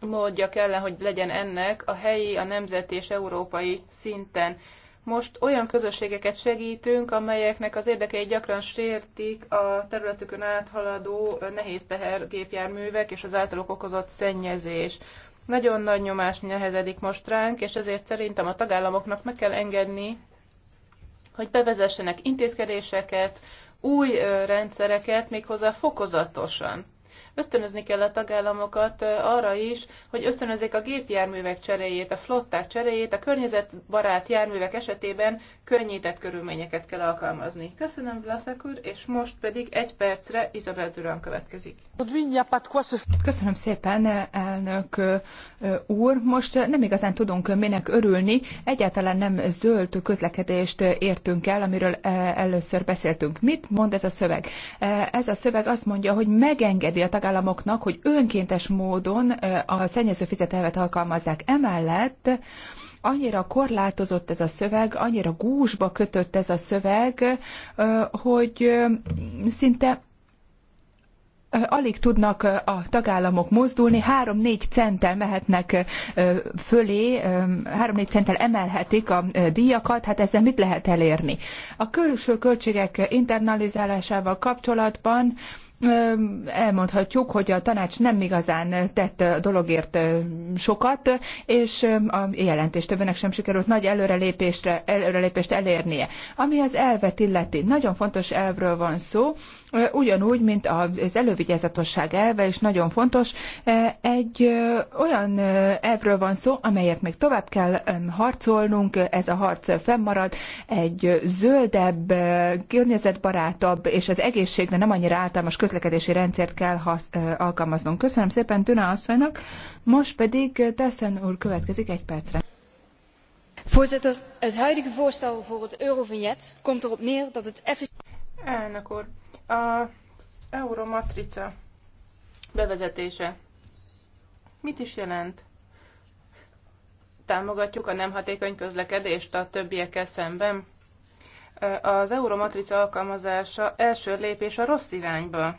módja kellene, hogy legyen ennek a helyi, a nemzeti és európai szinten most olyan közösségeket segítünk, amelyeknek az érdekeit gyakran sértik a területükön áthaladó nehéz tehergépjárművek és az általuk okozott szennyezés. Nagyon nagy nyomás nehezedik most ránk, és ezért szerintem a tagállamoknak meg kell engedni, hogy bevezessenek intézkedéseket, új rendszereket, méghozzá fokozatosan. Ösztönözni kell a tagállamokat arra is, hogy ösztönözzék a gépjárművek cseréjét, a flották cseréjét, a környezetbarát járművek esetében könnyített körülményeket kell alkalmazni. Köszönöm, Vlaszek úr, és most pedig egy percre Izabel Durán következik. Köszönöm szépen, elnök úr. Most nem igazán tudunk minek örülni. Egyáltalán nem zöld közlekedést értünk el, amiről először beszéltünk. Mit mond ez a szöveg? Ez a szöveg azt mondja, hogy megengedi a tag tagállamoknak, hogy önkéntes módon a szennyező fizetelvet alkalmazzák. Emellett annyira korlátozott ez a szöveg, annyira gúzsba kötött ez a szöveg, hogy szinte alig tudnak a tagállamok mozdulni, 3-4 centtel mehetnek fölé, 3-4 centtel emelhetik a díjakat, hát ezzel mit lehet elérni? A külső költségek internalizálásával kapcsolatban elmondhatjuk, hogy a tanács nem igazán tett a dologért sokat, és a többenek sem sikerült nagy előrelépést elérnie. Ami az elvet illeti, nagyon fontos elvről van szó, ugyanúgy, mint az elővigyázatosság elve és nagyon fontos, egy olyan elvről van szó, amelyet még tovább kell harcolnunk, ez a harc fennmarad, egy zöldebb, környezetbarátabb és az egészségre nem annyira általános közlekedési rendszert kell alkalmaznunk. Köszönöm szépen Tüna asszonynak, most pedig Tessen úr következik egy percre. Voorzitter, het huidige voorstel voor het Eurovignet komt erop neer dat het effectief... Elnök úr, a euromatrica bevezetése mit is jelent? Támogatjuk a nem hatékony közlekedést a többiekkel szemben? Az euromatrica alkalmazása első lépés a rossz irányba.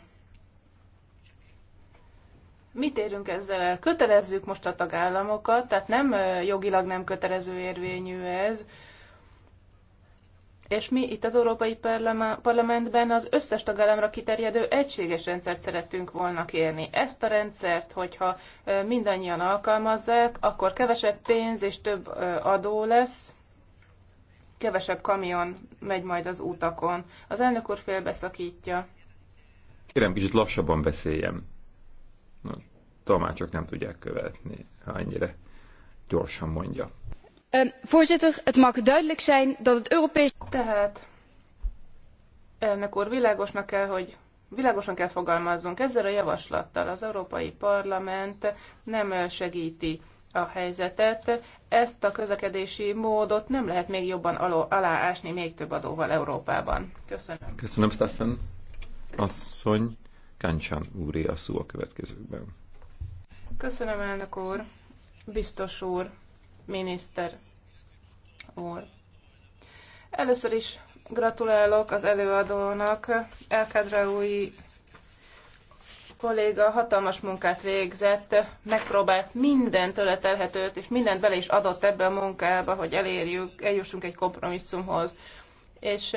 Mit érünk ezzel el? Kötelezzük most a tagállamokat, tehát nem jogilag nem kötelező érvényű ez, és mi itt az Európai Parlamentben az összes tagállamra kiterjedő egységes rendszert szerettünk volna kérni. Ezt a rendszert, hogyha mindannyian alkalmazzák, akkor kevesebb pénz és több adó lesz, kevesebb kamion megy majd az utakon. Az elnök úr félbeszakítja. Kérem, kicsit lassabban beszéljem. Na, Tamácsok nem tudják követni, ha annyira gyorsan mondja. Ehm, voorzitter, het mag duidelijk zijn dat het Europees... Tehát, elnök úr, világosnak kell, hogy világosan kell fogalmazzunk. Ezzel a javaslattal az Európai Parlament nem segíti a helyzetet. Ezt a közlekedési módot nem lehet még jobban aló, aláásni még több adóval Európában. Köszönöm. Köszönöm, Stassen. Asszony Kancsán úré a szó a következőkben. Köszönöm, elnök úr. Biztos úr miniszter úr. Először is gratulálok az előadónak, Elkadraui kolléga hatalmas munkát végzett, megpróbált minden tőle és mindent bele is adott ebbe a munkába, hogy elérjük, eljussunk egy kompromisszumhoz. És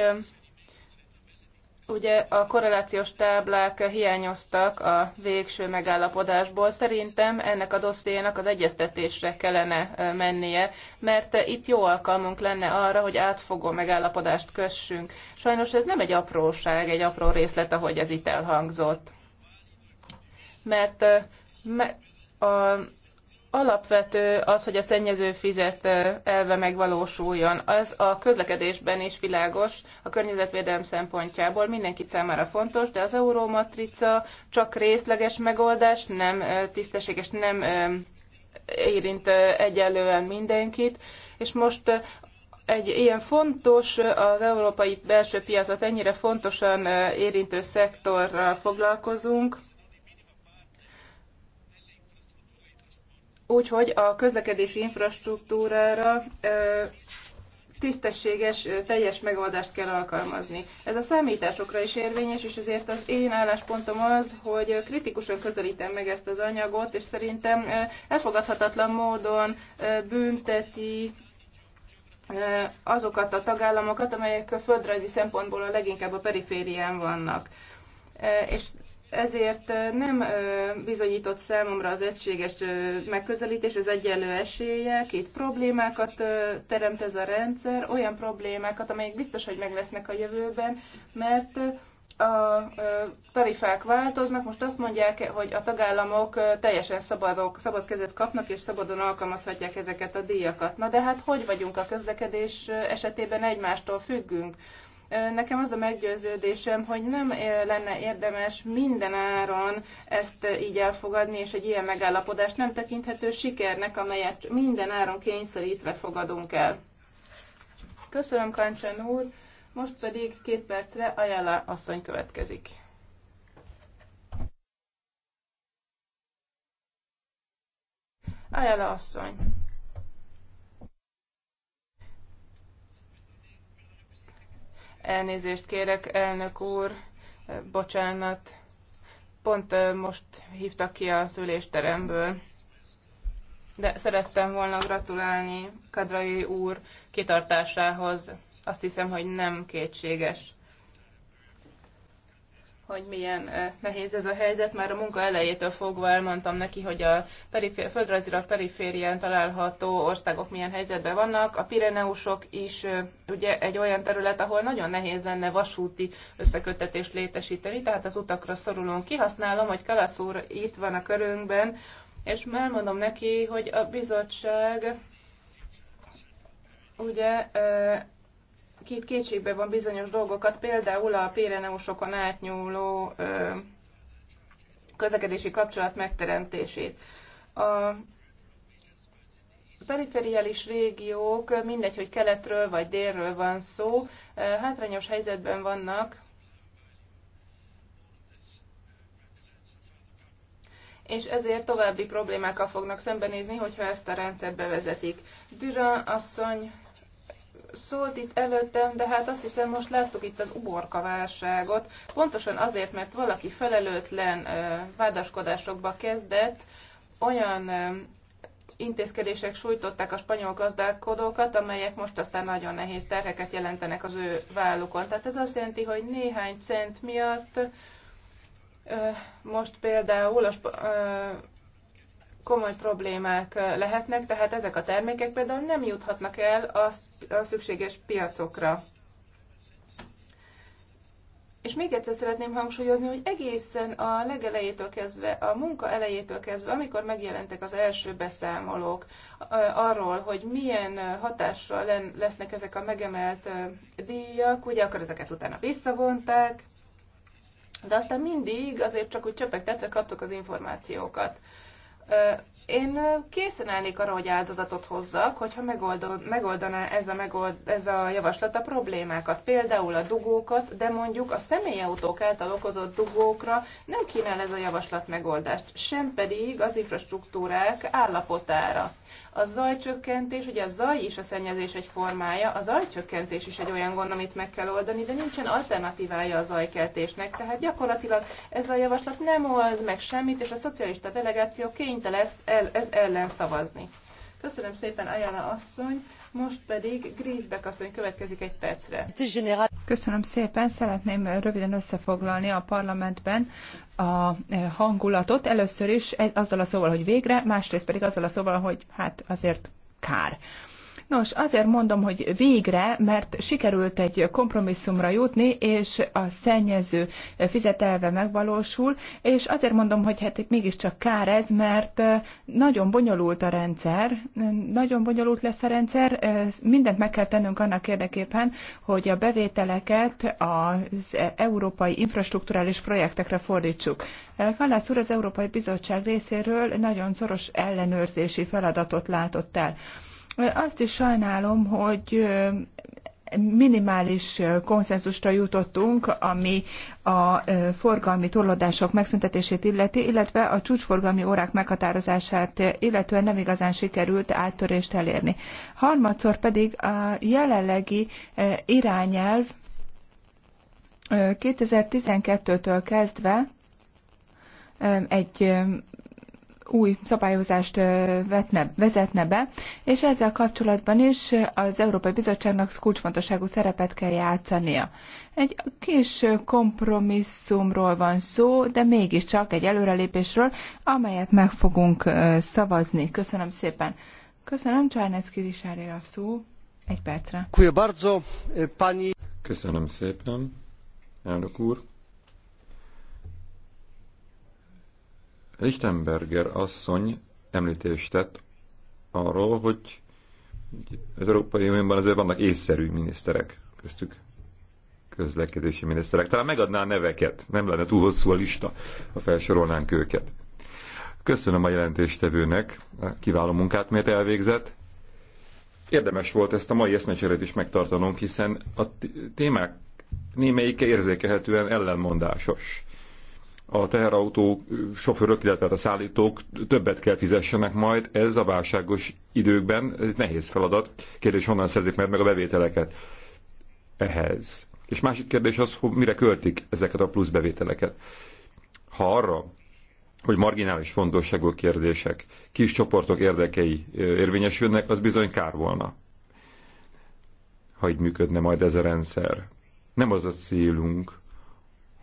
Ugye a korrelációs táblák hiányoztak a végső megállapodásból. Szerintem ennek a dossziénak az egyeztetésre kellene mennie, mert itt jó alkalmunk lenne arra, hogy átfogó megállapodást kössünk. Sajnos ez nem egy apróság, egy apró részlet, ahogy ez itt elhangzott. Mert a alapvető az, hogy a szennyező fizet elve megvalósuljon. Ez a közlekedésben is világos, a környezetvédelem szempontjából mindenki számára fontos, de az eurómatrica csak részleges megoldás, nem tisztességes, nem érint egyelően mindenkit, és most egy ilyen fontos, az európai belső piacot ennyire fontosan érintő szektorral foglalkozunk, Úgyhogy a közlekedési infrastruktúrára tisztességes, teljes megoldást kell alkalmazni. Ez a számításokra is érvényes, és ezért az én álláspontom az, hogy kritikusan közelítem meg ezt az anyagot, és szerintem elfogadhatatlan módon bünteti azokat a tagállamokat, amelyek a földrajzi szempontból a leginkább a periférián vannak. És ezért nem bizonyított számomra az egységes megközelítés, az egyenlő esélye, két problémákat teremt ez a rendszer, olyan problémákat, amelyek biztos, hogy meg lesznek a jövőben, mert a tarifák változnak, most azt mondják, hogy a tagállamok teljesen szabadok, szabad kezet kapnak, és szabadon alkalmazhatják ezeket a díjakat. Na de hát hogy vagyunk a közlekedés esetében egymástól függünk? Nekem az a meggyőződésem, hogy nem lenne érdemes minden áron ezt így elfogadni, és egy ilyen megállapodást nem tekinthető sikernek, amelyet minden áron kényszerítve fogadunk el. Köszönöm, Kancsán úr! Most pedig két percre Ajala asszony következik. Ajala asszony! Elnézést kérek, elnök úr, bocsánat. Pont most hívtak ki a szülésteremből. De szerettem volna gratulálni Kadrai úr kitartásához. Azt hiszem, hogy nem kétséges hogy milyen nehéz ez a helyzet. Már a munka elejétől fogva elmondtam neki, hogy a perifér, földrajzilag periférián található országok milyen helyzetben vannak. A Pireneusok is ugye egy olyan terület, ahol nagyon nehéz lenne vasúti összekötetést létesíteni, tehát az utakra szorulunk. Kihasználom, hogy Kalasz úr itt van a körünkben, és elmondom neki, hogy a bizottság ugye két kétségbe van bizonyos dolgokat, például a Péreneusokon átnyúló ö, közlekedési kapcsolat megteremtését. A perifériális régiók, mindegy, hogy keletről vagy délről van szó, hátrányos helyzetben vannak, és ezért további problémákkal fognak szembenézni, hogyha ezt a rendszert bevezetik. Düra asszony szólt itt előttem, de hát azt hiszem most láttuk itt az uborka válságot. Pontosan azért, mert valaki felelőtlen vádaskodásokba kezdett, olyan intézkedések sújtották a spanyol gazdálkodókat, amelyek most aztán nagyon nehéz terheket jelentenek az ő vállukon. Tehát ez azt jelenti, hogy néhány cent miatt most például a komoly problémák lehetnek, tehát ezek a termékek például nem juthatnak el a szükséges piacokra. És még egyszer szeretném hangsúlyozni, hogy egészen a legelejétől kezdve, a munka elejétől kezdve, amikor megjelentek az első beszámolók arról, hogy milyen hatással lesznek ezek a megemelt díjak, ugye akkor ezeket utána visszavonták, de aztán mindig azért csak úgy csöpegtetve kaptuk az információkat. Én készen állnék arra, hogy áldozatot hozzak, hogyha megoldaná ez a, megold, ez a javaslat a problémákat, például a dugókat, de mondjuk a személyautók által okozott dugókra nem kínál ez a javaslat megoldást, sem pedig az infrastruktúrák állapotára. A zajcsökkentés, ugye a zaj is a szennyezés egy formája, a zajcsökkentés is egy olyan gond, amit meg kell oldani, de nincsen alternatívája a zajkeltésnek. Tehát gyakorlatilag ez a javaslat nem old meg semmit, és a szocialista delegáció kénytelen ez ellen szavazni. Köszönöm szépen, Ajana asszony! Most pedig Grízbek asszony következik egy percre. Köszönöm szépen, szeretném röviden összefoglalni a parlamentben a e, hangulatot. Először is azzal a szóval, hogy végre, másrészt pedig azzal a szóval, hogy hát azért kár. Nos, azért mondom, hogy végre, mert sikerült egy kompromisszumra jutni, és a szennyező fizetelve megvalósul, és azért mondom, hogy hát itt mégiscsak kár ez, mert nagyon bonyolult a rendszer, nagyon bonyolult lesz a rendszer, mindent meg kell tennünk annak érdekében, hogy a bevételeket az európai infrastruktúrális projektekre fordítsuk. Kallász úr az Európai Bizottság részéről nagyon szoros ellenőrzési feladatot látott el. Azt is sajnálom, hogy minimális konszenzusra jutottunk, ami a forgalmi torlódások megszüntetését illeti, illetve a csúcsforgalmi órák meghatározását, illetően nem igazán sikerült áttörést elérni. Harmadszor pedig a jelenlegi irányelv 2012-től kezdve egy új szabályozást vetne, vezetne be, és ezzel kapcsolatban is az Európai Bizottságnak kulcsfontosságú szerepet kell játszania. Egy kis kompromisszumról van szó, de mégiscsak egy előrelépésről, amelyet meg fogunk szavazni. Köszönöm szépen. Köszönöm, Csárnecki Risárére a szó. Egy percre. Köszönöm szépen, elnök úr. Lichtenberger asszony említést tett arról, hogy az Európai Unióban azért vannak észszerű miniszterek köztük közlekedési miniszterek. Talán megadná a neveket, nem lenne túl hosszú a lista, ha felsorolnánk őket. Köszönöm a jelentéstevőnek a kiváló munkát, miért elvégzett. Érdemes volt ezt a mai eszmecserét is megtartanunk, hiszen a témák némelyike érzékelhetően ellenmondásos a teherautó sofőrök, illetve hát a szállítók többet kell fizessenek majd. Ez a válságos időkben ez nehéz feladat. Kérdés, honnan szerzik meg, meg a bevételeket ehhez. És másik kérdés az, hogy mire költik ezeket a plusz bevételeket. Ha arra, hogy marginális fontosságú kérdések, kis csoportok érdekei érvényesülnek, az bizony kár volna, ha így működne majd ez a rendszer. Nem az a célunk,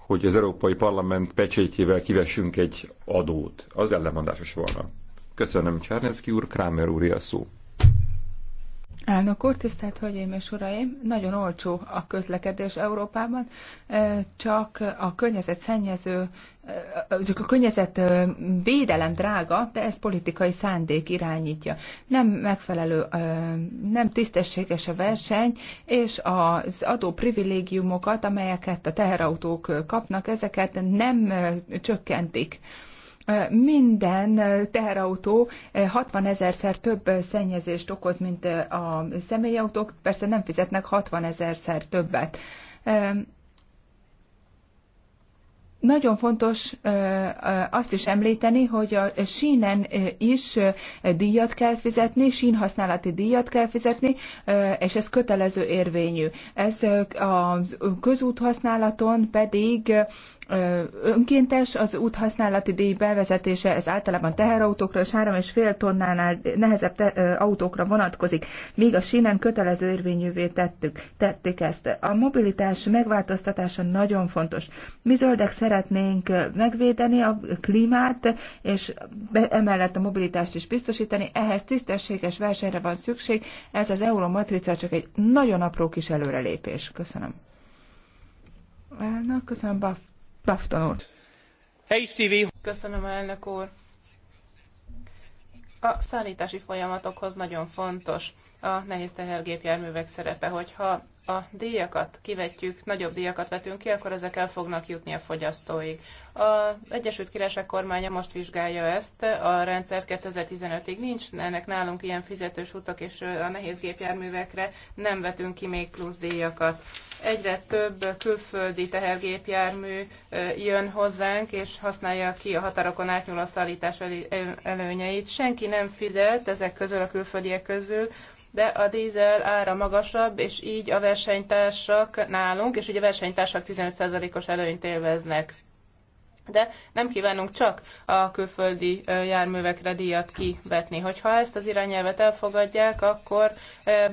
hogy az Európai Parlament pecsétjével kivessünk egy adót. Az ellenmondásos volna. Köszönöm, Csárnecki úr, Krámer úr, a szó. Elnök úr, tisztelt Hölgyeim és Uraim! Nagyon olcsó a közlekedés Európában, csak a környezet szennyező, csak a környezet védelem drága, de ez politikai szándék irányítja. Nem megfelelő, nem tisztességes a verseny, és az adó privilégiumokat, amelyeket a teherautók kapnak, ezeket nem csökkentik minden teherautó 60 ezerszer több szennyezést okoz, mint a személyautók, persze nem fizetnek 60 ezerszer többet. Nagyon fontos azt is említeni, hogy a sínen is díjat kell fizetni, sínhasználati díjat kell fizetni, és ez kötelező érvényű. Ez a közúthasználaton pedig önkéntes az úthasználati díj bevezetése, ez általában teherautókra és 3,5 tonnánál nehezebb te- autókra vonatkozik, míg a sínen kötelező érvényűvé tettük, tették ezt. A mobilitás megváltoztatása nagyon fontos. Mi zöldek szeretnénk megvédeni a klímát, és emellett a mobilitást is biztosítani, ehhez tisztességes versenyre van szükség, ez az euró matrica csak egy nagyon apró kis előrelépés. Köszönöm. Na köszönöm, Baff Bafton Köszönöm, elnök úr. A szállítási folyamatokhoz nagyon fontos a nehéz tehergépjárművek szerepe, hogyha a díjakat kivetjük, nagyobb díjakat vetünk ki, akkor ezek el fognak jutni a fogyasztóig. Az Egyesült Királyság kormánya most vizsgálja ezt a rendszer 2015-ig. Nincs ennek nálunk ilyen fizetős utak, és a nehéz gépjárművekre nem vetünk ki még plusz díjakat. Egyre több külföldi tehergépjármű jön hozzánk, és használja ki a határokon átnyúló szállítás előnyeit. Senki nem fizet ezek közül a külföldiek közül, de a dízel ára magasabb, és így a versenytársak nálunk, és ugye a versenytársak 15%-os előnyt élveznek de nem kívánunk csak a külföldi járművekre díjat kivetni. Hogyha ezt az irányelvet elfogadják, akkor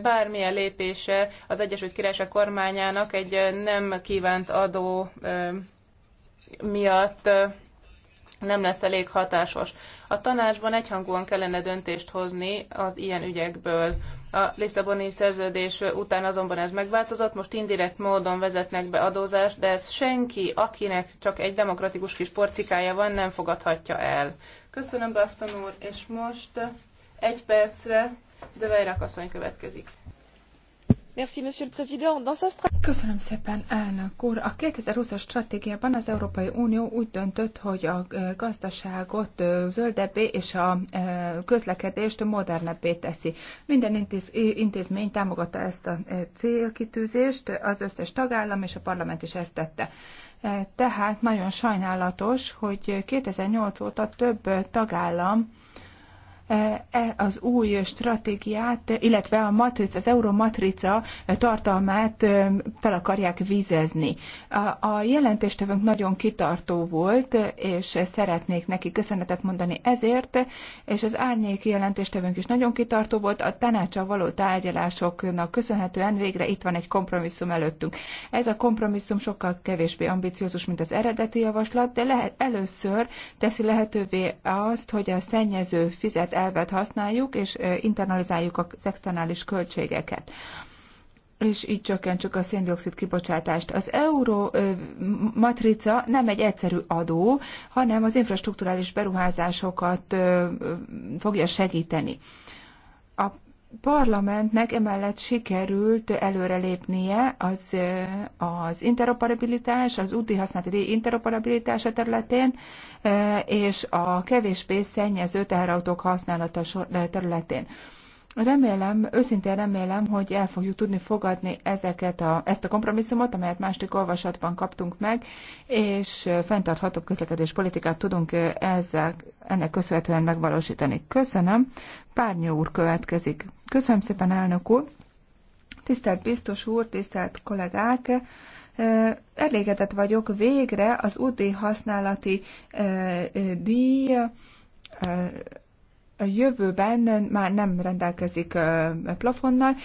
bármilyen lépése az Egyesült Királyság kormányának egy nem kívánt adó miatt nem lesz elég hatásos. A tanácsban egyhangúan kellene döntést hozni az ilyen ügyekből. A Lisszaboni szerződés után azonban ez megváltozott, most indirekt módon vezetnek be adózást, de ez senki, akinek csak egy demokratikus kis porcikája van, nem fogadhatja el. Köszönöm, Bafton úr, és most egy percre de Vejrak asszony következik. Köszönöm szépen, elnök úr. A 2020-as stratégiában az Európai Unió úgy döntött, hogy a gazdaságot zöldebbé és a közlekedést modernebbé teszi. Minden intéz, intézmény támogatta ezt a célkitűzést, az összes tagállam és a parlament is ezt tette. Tehát nagyon sajnálatos, hogy 2008 óta több tagállam E az új stratégiát, illetve a matrica, az euromatrica tartalmát fel akarják vizezni. A jelentéstevőnk nagyon kitartó volt, és szeretnék neki köszönetet mondani ezért, és az árnyék jelentéstevőnk is nagyon kitartó volt, a tanácsa való tárgyalásoknak köszönhetően végre itt van egy kompromisszum előttünk. Ez a kompromisszum sokkal kevésbé ambiciózus, mint az eredeti javaslat, de lehet, először teszi lehetővé azt, hogy a szennyező fizet elvet használjuk, és internalizáljuk az externális költségeket és így csökkentsük a széndiokszid kibocsátást. Az euró matrica nem egy egyszerű adó, hanem az infrastruktúrális beruházásokat fogja segíteni. A parlamentnek emellett sikerült előrelépnie az, az interoperabilitás, az úti használati interoperabilitása területén, és a kevésbé szennyező teherautók használata területén. Remélem, őszintén remélem, hogy el fogjuk tudni fogadni ezeket a, ezt a kompromisszumot, amelyet másik olvasatban kaptunk meg, és fenntarthatóbb közlekedés politikát tudunk ezzel, ennek köszönhetően megvalósítani. Köszönöm. Párnyó úr következik. Köszönöm szépen, elnök úr! Tisztelt biztos úr, tisztelt kollégák! Elégedett vagyok, végre az UD használati díj a jövőben már nem rendelkezik plafonnal,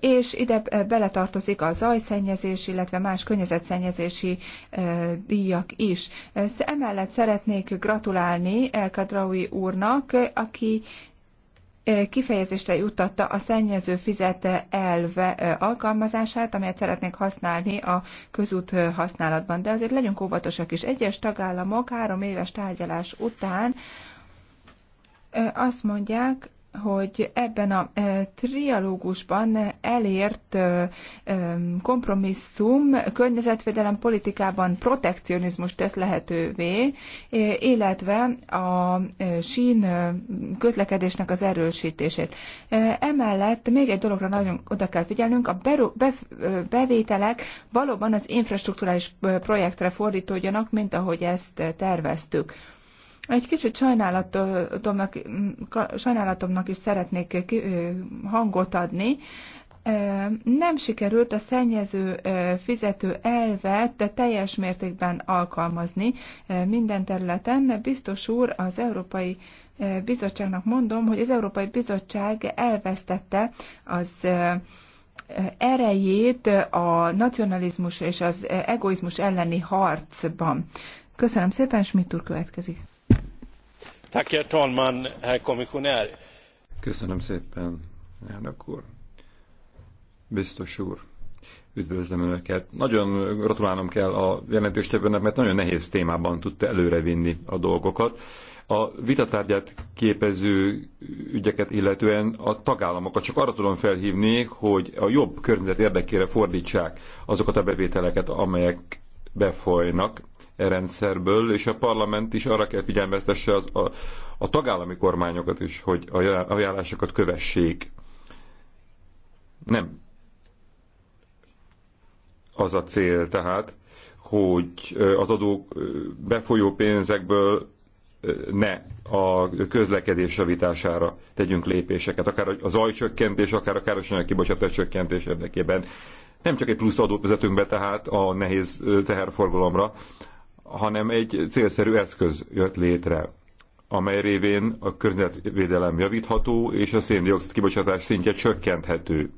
és ide beletartozik a zajszennyezés, illetve más környezetszennyezési díjak is. Emellett szeretnék gratulálni El Kadraui úrnak, aki kifejezésre juttatta a szennyező fizete elve alkalmazását, amelyet szeretnék használni a közút használatban. De azért legyünk óvatosak is. Egyes tagállamok három éves tárgyalás után azt mondják, hogy ebben a e, trialógusban elért e, e, kompromisszum környezetvédelem politikában protekcionizmus tesz lehetővé, illetve a sín közlekedésnek az erősítését. Emellett még egy dologra nagyon oda kell figyelnünk, a bevételek valóban az infrastruktúrális projektre fordítódjanak, mint ahogy ezt terveztük egy kicsit sajnálatomnak, sajnálatomnak is szeretnék hangot adni. Nem sikerült a szennyező fizető elvet teljes mértékben alkalmazni minden területen. Biztos úr, az Európai Bizottságnak mondom, hogy az Európai Bizottság elvesztette az erejét a nacionalizmus és az egoizmus elleni harcban. Köszönöm szépen, Schmidt úr következik herr talman herr kommissionär! köszönöm szépen elnök úr biztos úr üdvözlöm önöket nagyon gratulálnom kell a jelentéstevőnek mert nagyon nehéz témában tudta előrevinni a dolgokat a vitatárgyát képező ügyeket illetően a tagállamokat csak arra tudom felhívni, hogy a jobb környezet érdekére fordítsák azokat a bevételeket, amelyek befolynak rendszerből, és a parlament is arra kell figyelmeztesse az, a, a tagállami kormányokat is, hogy a ajánlásokat kövessék. Nem. Az a cél tehát, hogy az adók befolyó pénzekből ne a közlekedés javítására tegyünk lépéseket, akár az ajcsökkentés, akár a károsanyag kibocsátás csökkentés érdekében. Nem csak egy plusz adót vezetünk be tehát a nehéz teherforgalomra, hanem egy célszerű eszköz jött létre, amely révén a környezetvédelem javítható és a széndiokszid kibocsátás szintje csökkenthető.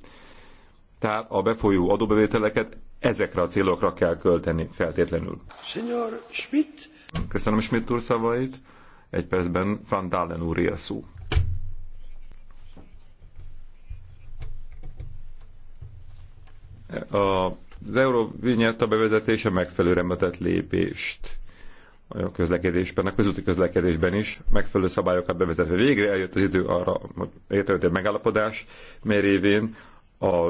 Tehát a befolyó adóbevételeket ezekre a célokra kell költeni feltétlenül. Senyor Schmidt. Köszönöm Schmidt úr szavait. Egy percben Van Dalen úr szó. A az Euróvinyetta bevezetése megfelelő remetett lépést a közlekedésben, a közúti közlekedésben is megfelelő szabályokat bevezetve. Végre eljött az idő arra, hogy értelőtt egy megállapodás, mely révén a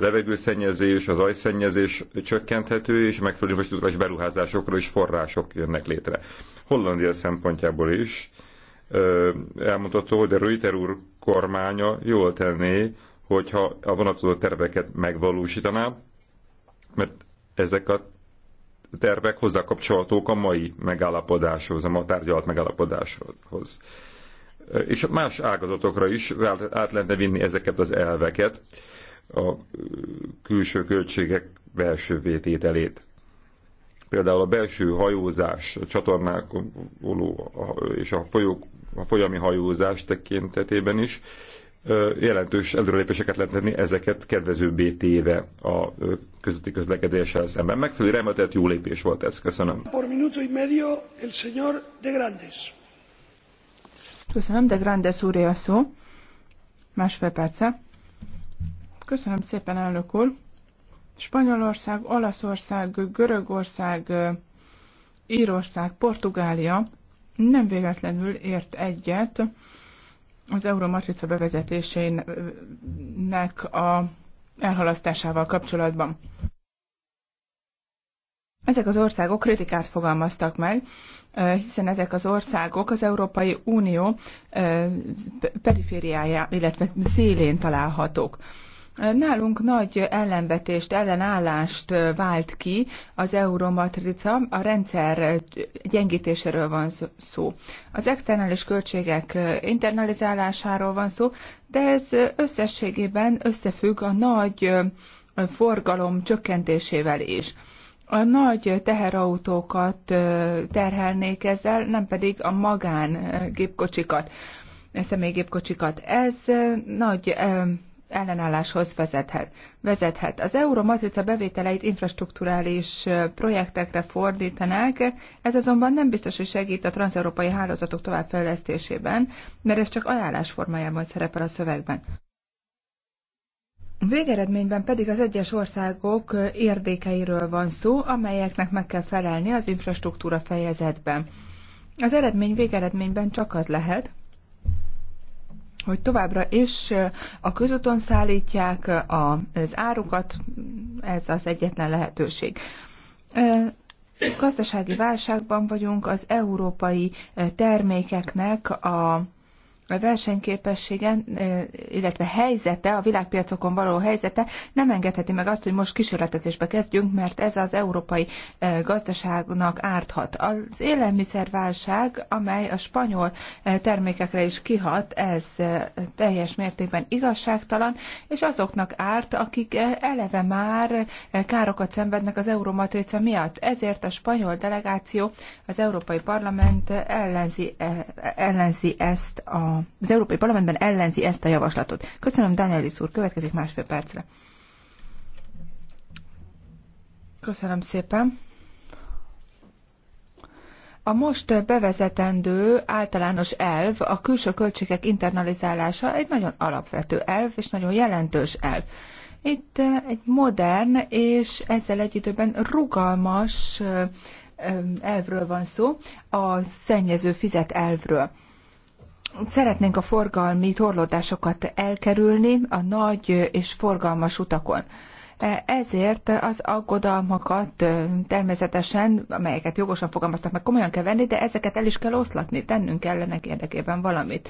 levegőszennyezés, az ajszennyezés csökkenthető, és megfelelő infrastruktúrás beruházásokra is források jönnek létre. Hollandia szempontjából is elmondható, hogy a Reuter úr kormánya jól tenné, hogyha a vonatkozó terveket megvalósítaná, mert ezek a tervek hozzákapcsolhatók a mai megállapodáshoz, a ma tárgyalt megállapodáshoz. És más ágazatokra is át lehetne vinni ezeket az elveket, a külső költségek belső vétételét. Például a belső hajózás, a csatornák és a, folyók, a folyami hajózás tekintetében is jelentős előrelépéseket lehet tenni, ezeket kedvezőbbé téve a közötti közlekedéssel szemben. Megfelelő remetett jó lépés volt ez. Köszönöm. Por minuto y medio el señor de Grandes. Köszönöm, de Grandes úr a szó. Másfél perce. Köszönöm szépen, elnök úr. Spanyolország, Olaszország, Görögország, Írország, Portugália nem véletlenül ért egyet az euromatrica bevezetésének a elhalasztásával kapcsolatban. Ezek az országok kritikát fogalmaztak meg, hiszen ezek az országok az Európai Unió perifériájá, illetve szélén találhatók. Nálunk nagy ellenvetést, ellenállást vált ki az euromatrica, a rendszer gyengítéséről van szó. Az externális költségek internalizálásáról van szó, de ez összességében összefügg a nagy forgalom csökkentésével is. A nagy teherautókat terhelnék ezzel, nem pedig a magán gépkocsikat, személygépkocsikat. Ez nagy ellenálláshoz vezethet. vezethet. Az euromatrica bevételeit infrastruktúrális projektekre fordítanák, ez azonban nem biztos, hogy segít a transeurópai hálózatok továbbfejlesztésében, mert ez csak ajánlás formájában szerepel a szövegben. Végeredményben pedig az egyes országok érdékeiről van szó, amelyeknek meg kell felelni az infrastruktúra fejezetben. Az eredmény végeredményben csak az lehet, hogy továbbra is a közúton szállítják az árukat, ez az egyetlen lehetőség. Gazdasági válságban vagyunk, az európai termékeknek a a versenyképessége, illetve helyzete, a világpiacokon való helyzete nem engedheti meg azt, hogy most kísérletezésbe kezdjünk, mert ez az európai gazdaságnak árthat. Az élelmiszerválság, amely a spanyol termékekre is kihat, ez teljes mértékben igazságtalan, és azoknak árt, akik eleve már károkat szenvednek az euromatrica miatt. Ezért a spanyol delegáció az Európai Parlament ellenzi, ellenzi ezt a az Európai Parlamentben ellenzi ezt a javaslatot. Köszönöm, Danielis úr, következik másfél percre. Köszönöm szépen. A most bevezetendő általános elv, a külső költségek internalizálása egy nagyon alapvető elv, és nagyon jelentős elv. Itt eh, egy modern és ezzel egy időben rugalmas eh, eh, elvről van szó, a szennyező fizet elvről szeretnénk a forgalmi torlódásokat elkerülni a nagy és forgalmas utakon. Ezért az aggodalmakat természetesen, amelyeket jogosan fogalmaztak meg, komolyan kell venni, de ezeket el is kell oszlatni, tennünk kellene érdekében valamit.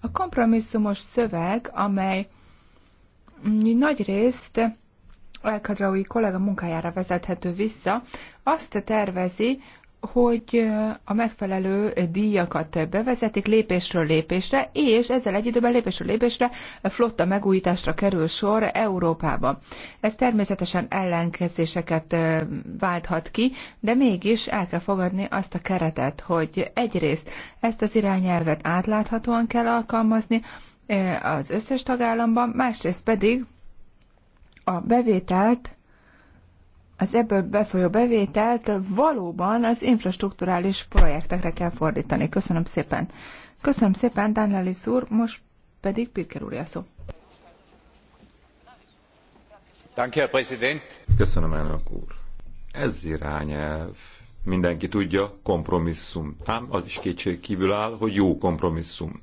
A kompromisszumos szöveg, amely nagy részt Elkadraui kollega munkájára vezethető vissza, azt tervezi, hogy a megfelelő díjakat bevezetik lépésről lépésre, és ezzel egy időben lépésről lépésre flotta megújításra kerül sor Európában. Ez természetesen ellenkezéseket válthat ki, de mégis el kell fogadni azt a keretet, hogy egyrészt ezt az irányelvet átláthatóan kell alkalmazni az összes tagállamban, másrészt pedig a bevételt az ebből befolyó bevételt valóban az infrastruktúrális projektekre kell fordítani. Köszönöm szépen. Köszönöm szépen, Dánlelis úr, most pedig Pirker úr szó. Köszönöm, elnök úr. Ez irányelv, mindenki tudja, kompromisszum. Ám az is kétség kívül áll, hogy jó kompromisszum.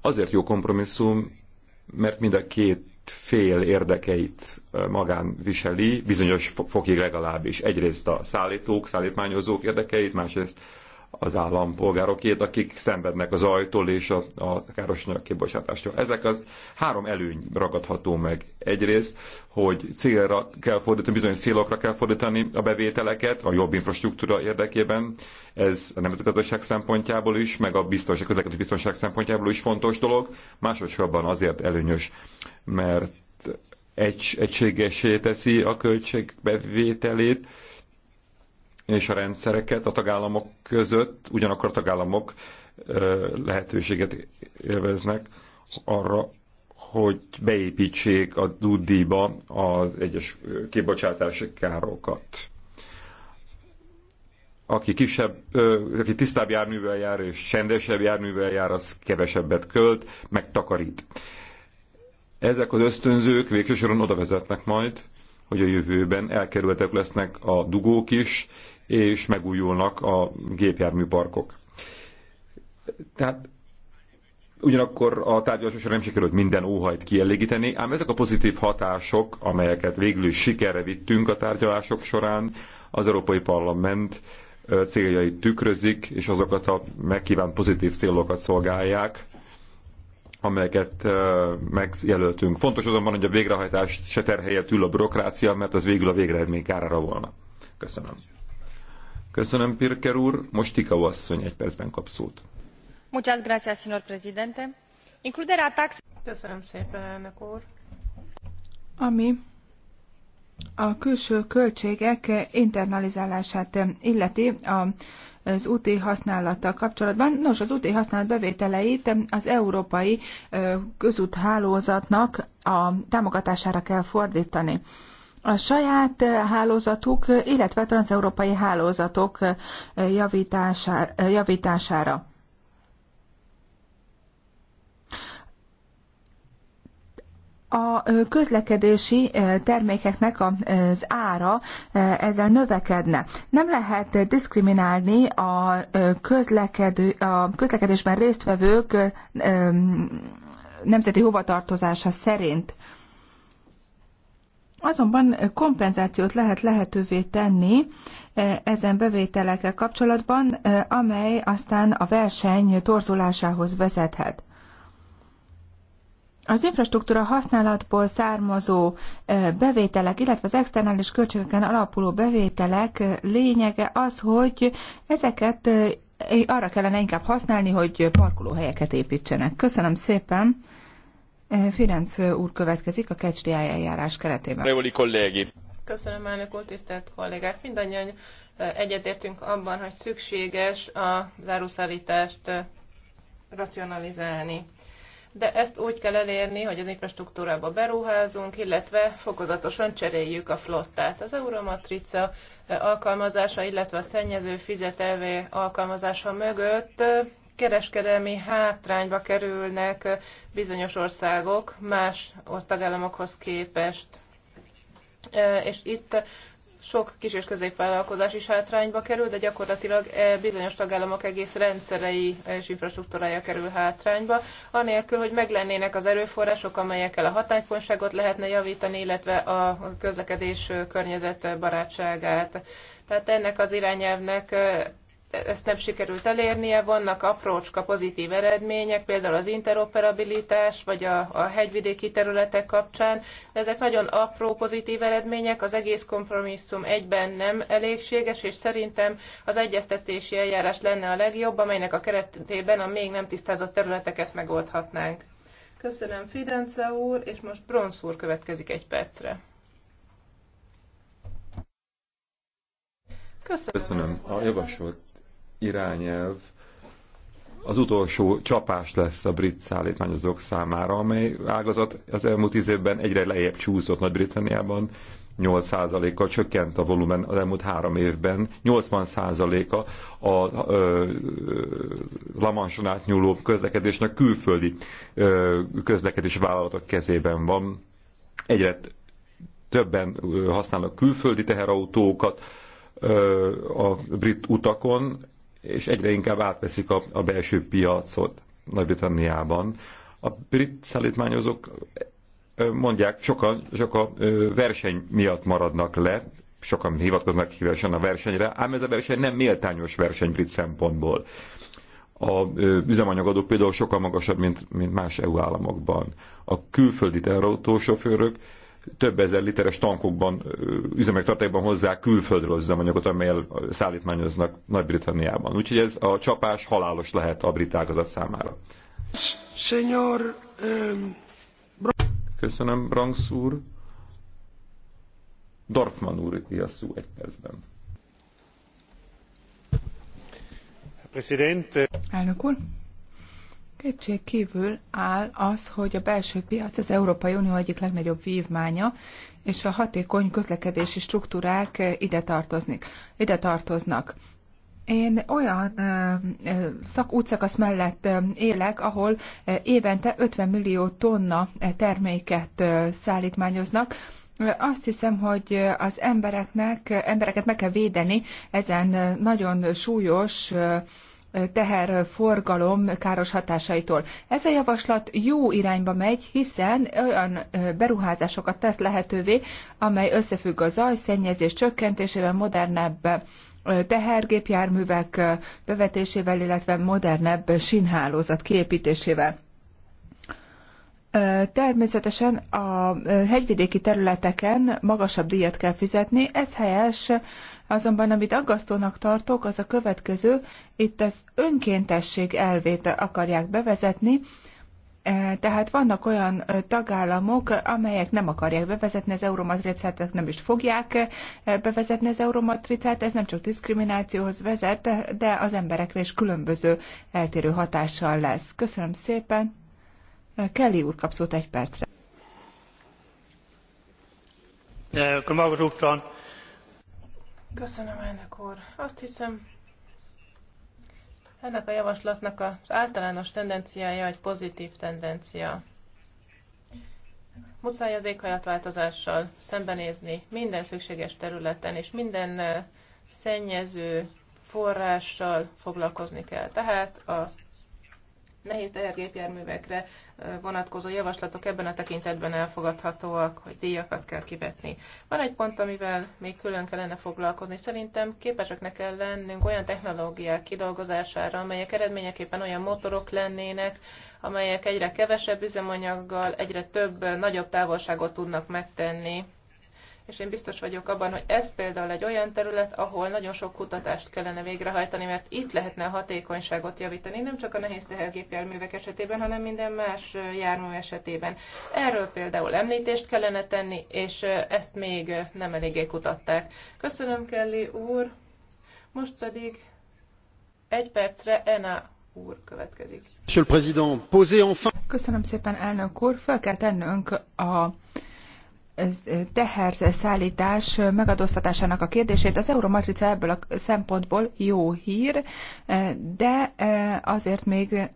Azért jó kompromisszum, mert mind a két fél érdekeit magán viseli, bizonyos fokig legalábbis. Egyrészt a szállítók, szállítmányozók érdekeit, másrészt az állampolgárokét, akik szenvednek az ajtól és a, a káros kibocsátástól. Ezek az három előny ragadható meg. Egyrészt, hogy célra kell fordítani, bizonyos célokra kell fordítani a bevételeket, a jobb infrastruktúra érdekében, ez a nemzetgazdaság szempontjából is, meg a biztonság, közlekedés biztonság szempontjából is fontos dolog, másodszorban azért előnyös, mert egy, egységesé teszi a költségbevételét, és a rendszereket a tagállamok között, ugyanakkor a tagállamok lehetőséget élveznek arra, hogy beépítsék a dúdíba az egyes kibocsátási károkat. Aki kisebb, aki tisztább járművel jár és csendesebb járművel jár, az kevesebbet költ, meg takarít. Ezek az ösztönzők végső soron oda vezetnek majd, hogy a jövőben elkerültek lesznek a dugók is, és megújulnak a gépjárműparkok. Tehát Ugyanakkor a tárgyalások során nem sikerült minden óhajt kielégíteni, ám ezek a pozitív hatások, amelyeket végül is sikerre vittünk a tárgyalások során, az Európai Parlament céljait tükrözik, és azokat a megkívánt pozitív célokat szolgálják, amelyeket megjelöltünk. Fontos azonban, hogy a végrehajtást se terhelje túl a bürokrácia, mert az végül a végeredmény kárára volna. Köszönöm. Köszönöm, Pirker úr. Most Tikau asszony egy percben kap szót. Muchas gracias, señor presidente. Includerea tax... Köszönöm szépen, elnök úr. Ami a külső költségek internalizálását illeti a az úti használattal kapcsolatban. Nos, az úti használat bevételeit az európai közúthálózatnak a támogatására kell fordítani a saját eh, hálózatuk, illetve a transeurópai hálózatok eh, javítására. Eh, javítására. A közlekedési termékeknek az ára ezzel növekedne. Nem lehet diszkriminálni a, közlekedő, a közlekedésben résztvevők nemzeti hovatartozása szerint. Azonban eh, kompenzációt lehet lehetővé tenni eh, ezen bevételekkel kapcsolatban, eh, amely aztán a verseny torzulásához vezethet. Az infrastruktúra használatból származó bevételek, illetve az externális költségeken alapuló bevételek lényege az, hogy ezeket arra kellene inkább használni, hogy parkolóhelyeket építsenek. Köszönöm szépen! Eh, Ferenc úr következik a KCDI eljárás keretében. Köszönöm, elnök úr, tisztelt kollégák! Mindannyian eh, egyetértünk abban, hogy szükséges a záruszállítást eh, racionalizálni. De ezt úgy kell elérni, hogy az infrastruktúrába beruházunk, illetve fokozatosan cseréljük a flottát. Az Euromatrica alkalmazása, illetve a szennyező fizetelvé alkalmazása mögött kereskedelmi hátrányba kerülnek bizonyos országok más tagállamokhoz képest. E, és itt sok kis és középvállalkozás is hátrányba kerül, de gyakorlatilag e, bizonyos tagállamok egész rendszerei és infrastruktúrája kerül hátrányba, anélkül, hogy meglennének az erőforrások, amelyekkel a hatánypontságot lehetne javítani, illetve a közlekedés környezet barátságát. Tehát ennek az irányelvnek e, ezt nem sikerült elérnie, vannak aprócska pozitív eredmények, például az interoperabilitás, vagy a, a hegyvidéki területek kapcsán. Ezek nagyon apró pozitív eredmények, az egész kompromisszum egyben nem elégséges, és szerintem az egyeztetési eljárás lenne a legjobb, amelynek a keretében a még nem tisztázott területeket megoldhatnánk. Köszönöm Fidence úr, és most Bronsz úr következik egy percre. Köszönöm. Köszönöm. A javasolt irányelv az utolsó csapás lesz a brit szállítmányozók számára, amely ágazat az elmúlt tíz évben egyre lejjebb csúszott Nagy-Britanniában, 8%-kal csökkent a volumen az elmúlt három évben, 80%-a a Lamanson átnyúló közlekedésnek külföldi ö, közlekedési vállalatok kezében van. Egyre többen használnak külföldi teherautókat ö, a brit utakon, és egyre inkább átveszik a, a belső piacot Nagy-Britanniában. A brit szállítmányozók mondják, sokan, sokan a verseny miatt maradnak le, sokan hivatkoznak hívesen a versenyre, ám ez a verseny nem méltányos verseny brit szempontból. A üzemanyagadók például sokkal magasabb, mint, mint más EU államokban. A külföldi terrautósofőrök sofőrök több ezer literes tankokban, üzemek tartályban hozzá külföldről az üzemanyagot, amelyel szállítmányoznak Nagy-Britanniában. Úgyhogy ez a csapás halálos lehet a brit ágazat számára. Senyor, um... Köszönöm, Branks úr. Dorfman úr, Iasszú, egy percben. Elnök úr, Kétség kívül áll az, hogy a belső piac az Európai Unió egyik legnagyobb vívmánya, és a hatékony közlekedési struktúrák eh, ide, tartoznik, ide tartoznak. Én olyan ö, eh, eh, szak, útszakasz mellett ö, élek, ahol ö, évente 50 millió tonna terméket ö, szállítmányoznak, azt hiszem, hogy az embereknek, embereket meg kell védeni ezen nagyon súlyos teherforgalom káros hatásaitól. Ez a javaslat jó irányba megy, hiszen olyan beruházásokat tesz lehetővé, amely összefügg a zajszennyezés csökkentésével, modernebb tehergépjárművek bevetésével, illetve modernebb sinhálózat kiépítésével. Természetesen a hegyvidéki területeken magasabb díjat kell fizetni, ez helyes, Azonban amit aggasztónak tartok, az a következő, itt az önkéntesség elvét akarják bevezetni, e, tehát vannak olyan tagállamok, amelyek nem akarják bevezetni az euromatricát, nem is fogják e, bevezetni az euromatricát, ez nem csak diszkriminációhoz vezet, de az emberekre is különböző eltérő hatással lesz. Köszönöm szépen. E, Kelly úr kap egy percre. Köszönöm, Köszönöm, elnök úr. Azt hiszem, ennek a javaslatnak az általános tendenciája egy pozitív tendencia. Muszáj az éghajlatváltozással szembenézni minden szükséges területen, és minden eh, szennyező forrással foglalkozni kell. Tehát a nehéz tehergépjárművekre vonatkozó javaslatok ebben a tekintetben elfogadhatóak, hogy díjakat kell kivetni. Van egy pont, amivel még külön kellene foglalkozni. Szerintem képeseknek kell lennünk olyan technológiák kidolgozására, amelyek eredményeképpen olyan motorok lennének, amelyek egyre kevesebb üzemanyaggal, egyre több, nagyobb távolságot tudnak megtenni és én biztos vagyok abban, hogy ez például egy olyan terület, ahol nagyon sok kutatást kellene végrehajtani, mert itt lehetne a hatékonyságot javítani, nem csak a nehéz tehergépjárművek esetében, hanem minden más jármű esetében. Erről például említést kellene tenni, és ezt még nem eléggé kutatták. Köszönöm, Kelly úr. Most pedig egy percre Ena úr következik. Monsieur le Président, posez enfin... Köszönöm szépen, elnök úr. Fel kell tennünk a teherszállítás megadóztatásának a kérdését. Az Euromatrica ebből a szempontból jó hír, de e, azért még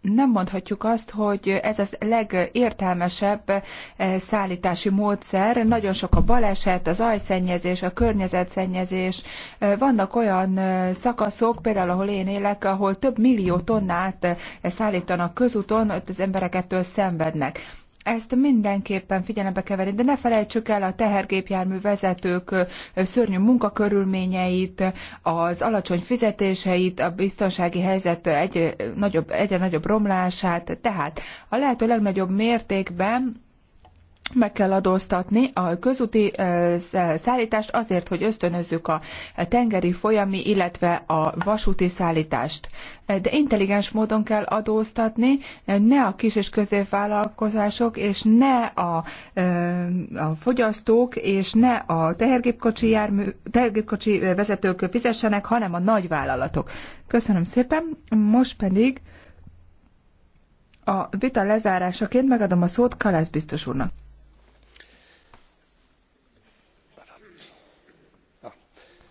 nem mondhatjuk azt, hogy ez az legértelmesebb e, szállítási módszer. Nagyon sok a baleset, az ajszennyezés, a környezetszennyezés. E, vannak olyan szakaszok, például ahol én élek, ahol több millió tonnát szállítanak közúton, ott az emberek ettől szenvednek ezt mindenképpen figyelembe kell venni, de ne felejtsük el a tehergépjármű vezetők szörnyű munkakörülményeit, az alacsony fizetéseit, a biztonsági helyzet egyre nagyobb, egyre nagyobb romlását, tehát a lehető legnagyobb mértékben meg kell adóztatni a közúti szállítást azért, hogy ösztönözzük a tengeri folyami, illetve a vasúti szállítást. De intelligens módon kell adóztatni, ne a kis és középvállalkozások, és ne a, a fogyasztók, és ne a tehergépkocsi, jármű, tehergépkocsi vezetők fizessenek, hanem a nagyvállalatok. Köszönöm szépen, most pedig a vita lezárásaként megadom a szót Kalász biztos úrnak.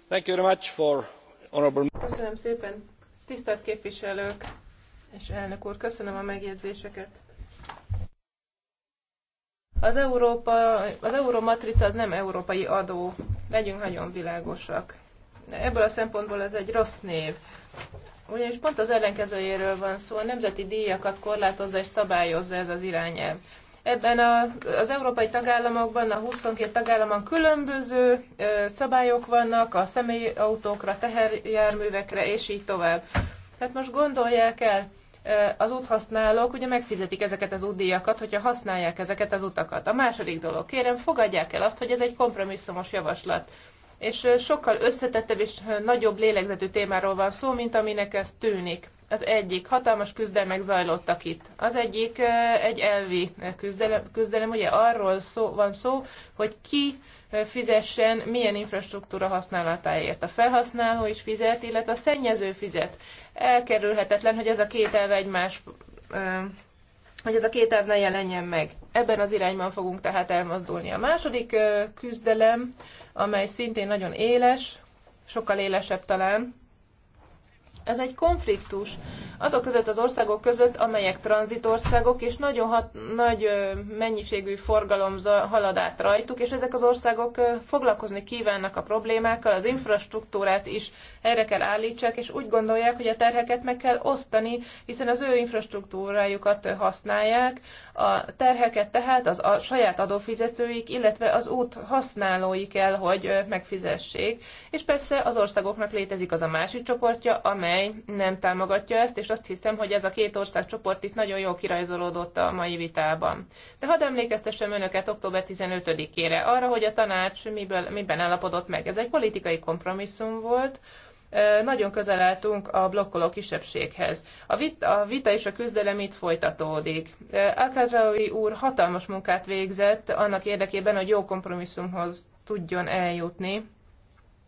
Köszönöm szépen, tisztelt képviselők és elnök úr, köszönöm a megjegyzéseket. Az, Európa, az euromatrica az nem európai adó, legyünk nagyon világosak. Ebből a szempontból ez egy rossz név. Ugyanis pont az ellenkezőjéről van szó, a nemzeti díjakat korlátozza és szabályozza ez az irányelv. Ebben a, az európai tagállamokban, a 22 tagállamban különböző ö, szabályok vannak a személyautókra, teherjárművekre, és így tovább. Tehát most gondolják el, az úthasználók ugye megfizetik ezeket az útdíjakat, hogyha használják ezeket az utakat. A második dolog, kérem, fogadják el azt, hogy ez egy kompromisszumos javaslat. És sokkal összetettebb és nagyobb lélegzetű témáról van szó, mint aminek ez tűnik. Az egyik, hatalmas küzdelmek zajlottak itt. Az egyik egy elvi küzdelem, küzdelem ugye arról szó, van szó, hogy ki fizessen milyen infrastruktúra használatáért. A felhasználó is fizet, illetve a szennyező fizet. Elkerülhetetlen, hogy ez a két elve egymás hogy ez a két elv ne jelenjen meg. Ebben az irányban fogunk tehát elmozdulni. A második küzdelem, amely szintén nagyon éles, sokkal élesebb talán, ez egy konfliktus azok között az országok között, amelyek tranzitországok, és nagyon hat, nagy mennyiségű forgalom halad át rajtuk, és ezek az országok foglalkozni kívánnak a problémákkal, az infrastruktúrát is erre kell állítsák, és úgy gondolják, hogy a terheket meg kell osztani, hiszen az ő infrastruktúrájukat használják, a terheket tehát az a saját adófizetőik, illetve az út használói kell, hogy megfizessék. És persze az országoknak létezik az a másik csoportja, amely nem támogatja ezt, és és azt hiszem, hogy ez a két csoport itt nagyon jól kirajzolódott a mai vitában. De hadd emlékeztessem önöket október 15-ére arra, hogy a tanács miből, miben állapodott meg. Ez egy politikai kompromisszum volt, nagyon közel álltunk a blokkoló kisebbséghez. A, vita, a vita és a küzdelem itt folytatódik. Alkadraui úr hatalmas munkát végzett annak érdekében, hogy jó kompromisszumhoz tudjon eljutni,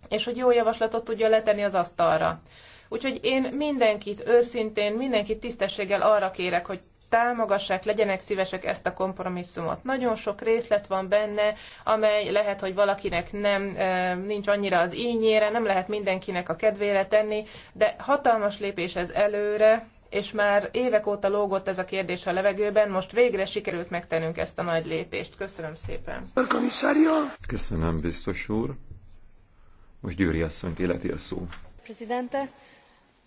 és hogy jó javaslatot tudja letenni az asztalra. Úgyhogy én mindenkit őszintén, mindenkit tisztességgel arra kérek, hogy támogassák, legyenek szívesek ezt a kompromisszumot. Nagyon sok részlet van benne, amely lehet, hogy valakinek nem, nincs annyira az ínyére, nem lehet mindenkinek a kedvére tenni, de hatalmas lépés ez előre, és már évek óta lógott ez a kérdés a levegőben, most végre sikerült megtennünk ezt a nagy lépést. Köszönöm szépen. Köszönöm, biztos úr. Most Győri asszonyt életi a szó. Presidente,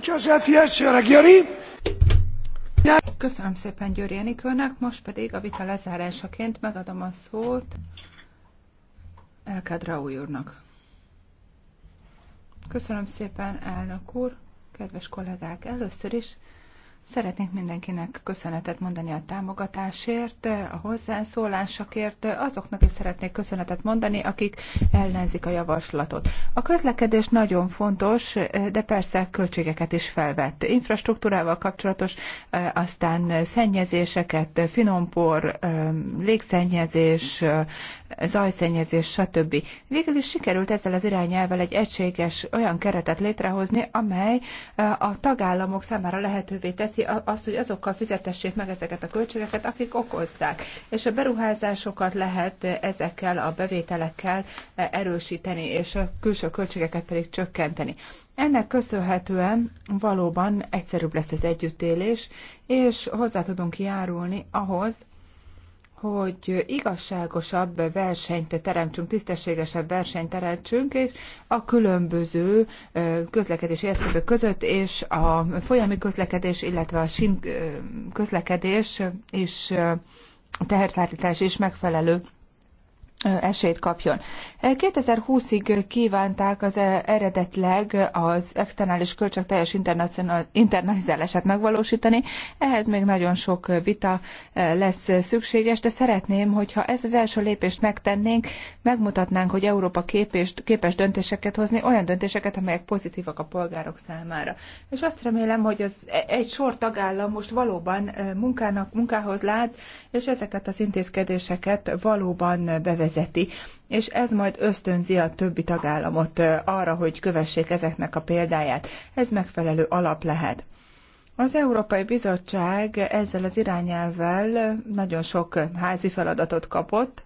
Köszönöm szépen Győri Enikőnek, most pedig a vita lezárásaként megadom a szót Elkadraui úrnak. Köszönöm szépen, elnök úr, kedves kollégák, először is Szeretnék mindenkinek köszönetet mondani a támogatásért, a hozzászólásokért, azoknak is szeretnék köszönetet mondani, akik ellenzik a javaslatot. A közlekedés nagyon fontos, de persze költségeket is felvett. Infrastruktúrával kapcsolatos, aztán szennyezéseket, finompor, légszennyezés, zajszennyezés, stb. Végül is sikerült ezzel az irányelvel egy egységes olyan keretet létrehozni, amely a tagállamok számára lehetővé tesz teszi azt, hogy azokkal fizetessék meg ezeket a költségeket, akik okozzák. És a beruházásokat lehet ezekkel a bevételekkel e, erősíteni, és a külső költségeket pedig csökkenteni. Ennek köszönhetően valóban egyszerűbb lesz az együttélés, és hozzá tudunk járulni ahhoz, hogy igazságosabb versenyt teremtsünk, tisztességesebb versenyt teremtsünk, és a különböző közlekedési eszközök között, és a folyami közlekedés, illetve a sin közlekedés és a teherszállítás is megfelelő esélyt kapjon. 2020-ig kívánták az eredetleg az externális költség teljes internalizálását megvalósítani. Ehhez még nagyon sok vita lesz szükséges, de szeretném, hogyha ezt az első lépést megtennénk, megmutatnánk, hogy Európa képes, képes döntéseket hozni, olyan döntéseket, amelyek pozitívak a polgárok számára. És azt remélem, hogy az e-, egy sor tagállam most valóban munkának, munkához lát, és ezeket az intézkedéseket valóban bevezeti, és ez majd ösztönzi a többi tagállamot arra, hogy kövessék ezeknek a példáját. Ez megfelelő alap lehet. Az Európai Bizottság ezzel az irányelvvel nagyon sok házi feladatot kapott,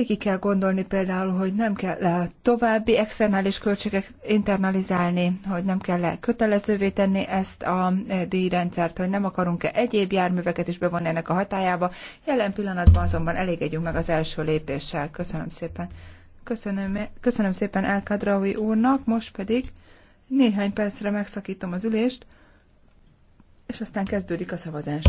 Végig kell gondolni például, hogy nem kell -e további externális költségek internalizálni, hogy nem kell -e kötelezővé tenni ezt a e, díjrendszert, hogy nem akarunk-e egyéb járműveket is bevonni ennek a hatájába. Jelen pillanatban azonban elégedjünk meg az első lépéssel. Köszönöm szépen. Köszönöm, köszönöm szépen Elkadraui úrnak, most pedig néhány percre megszakítom az ülést, és aztán kezdődik a szavazás.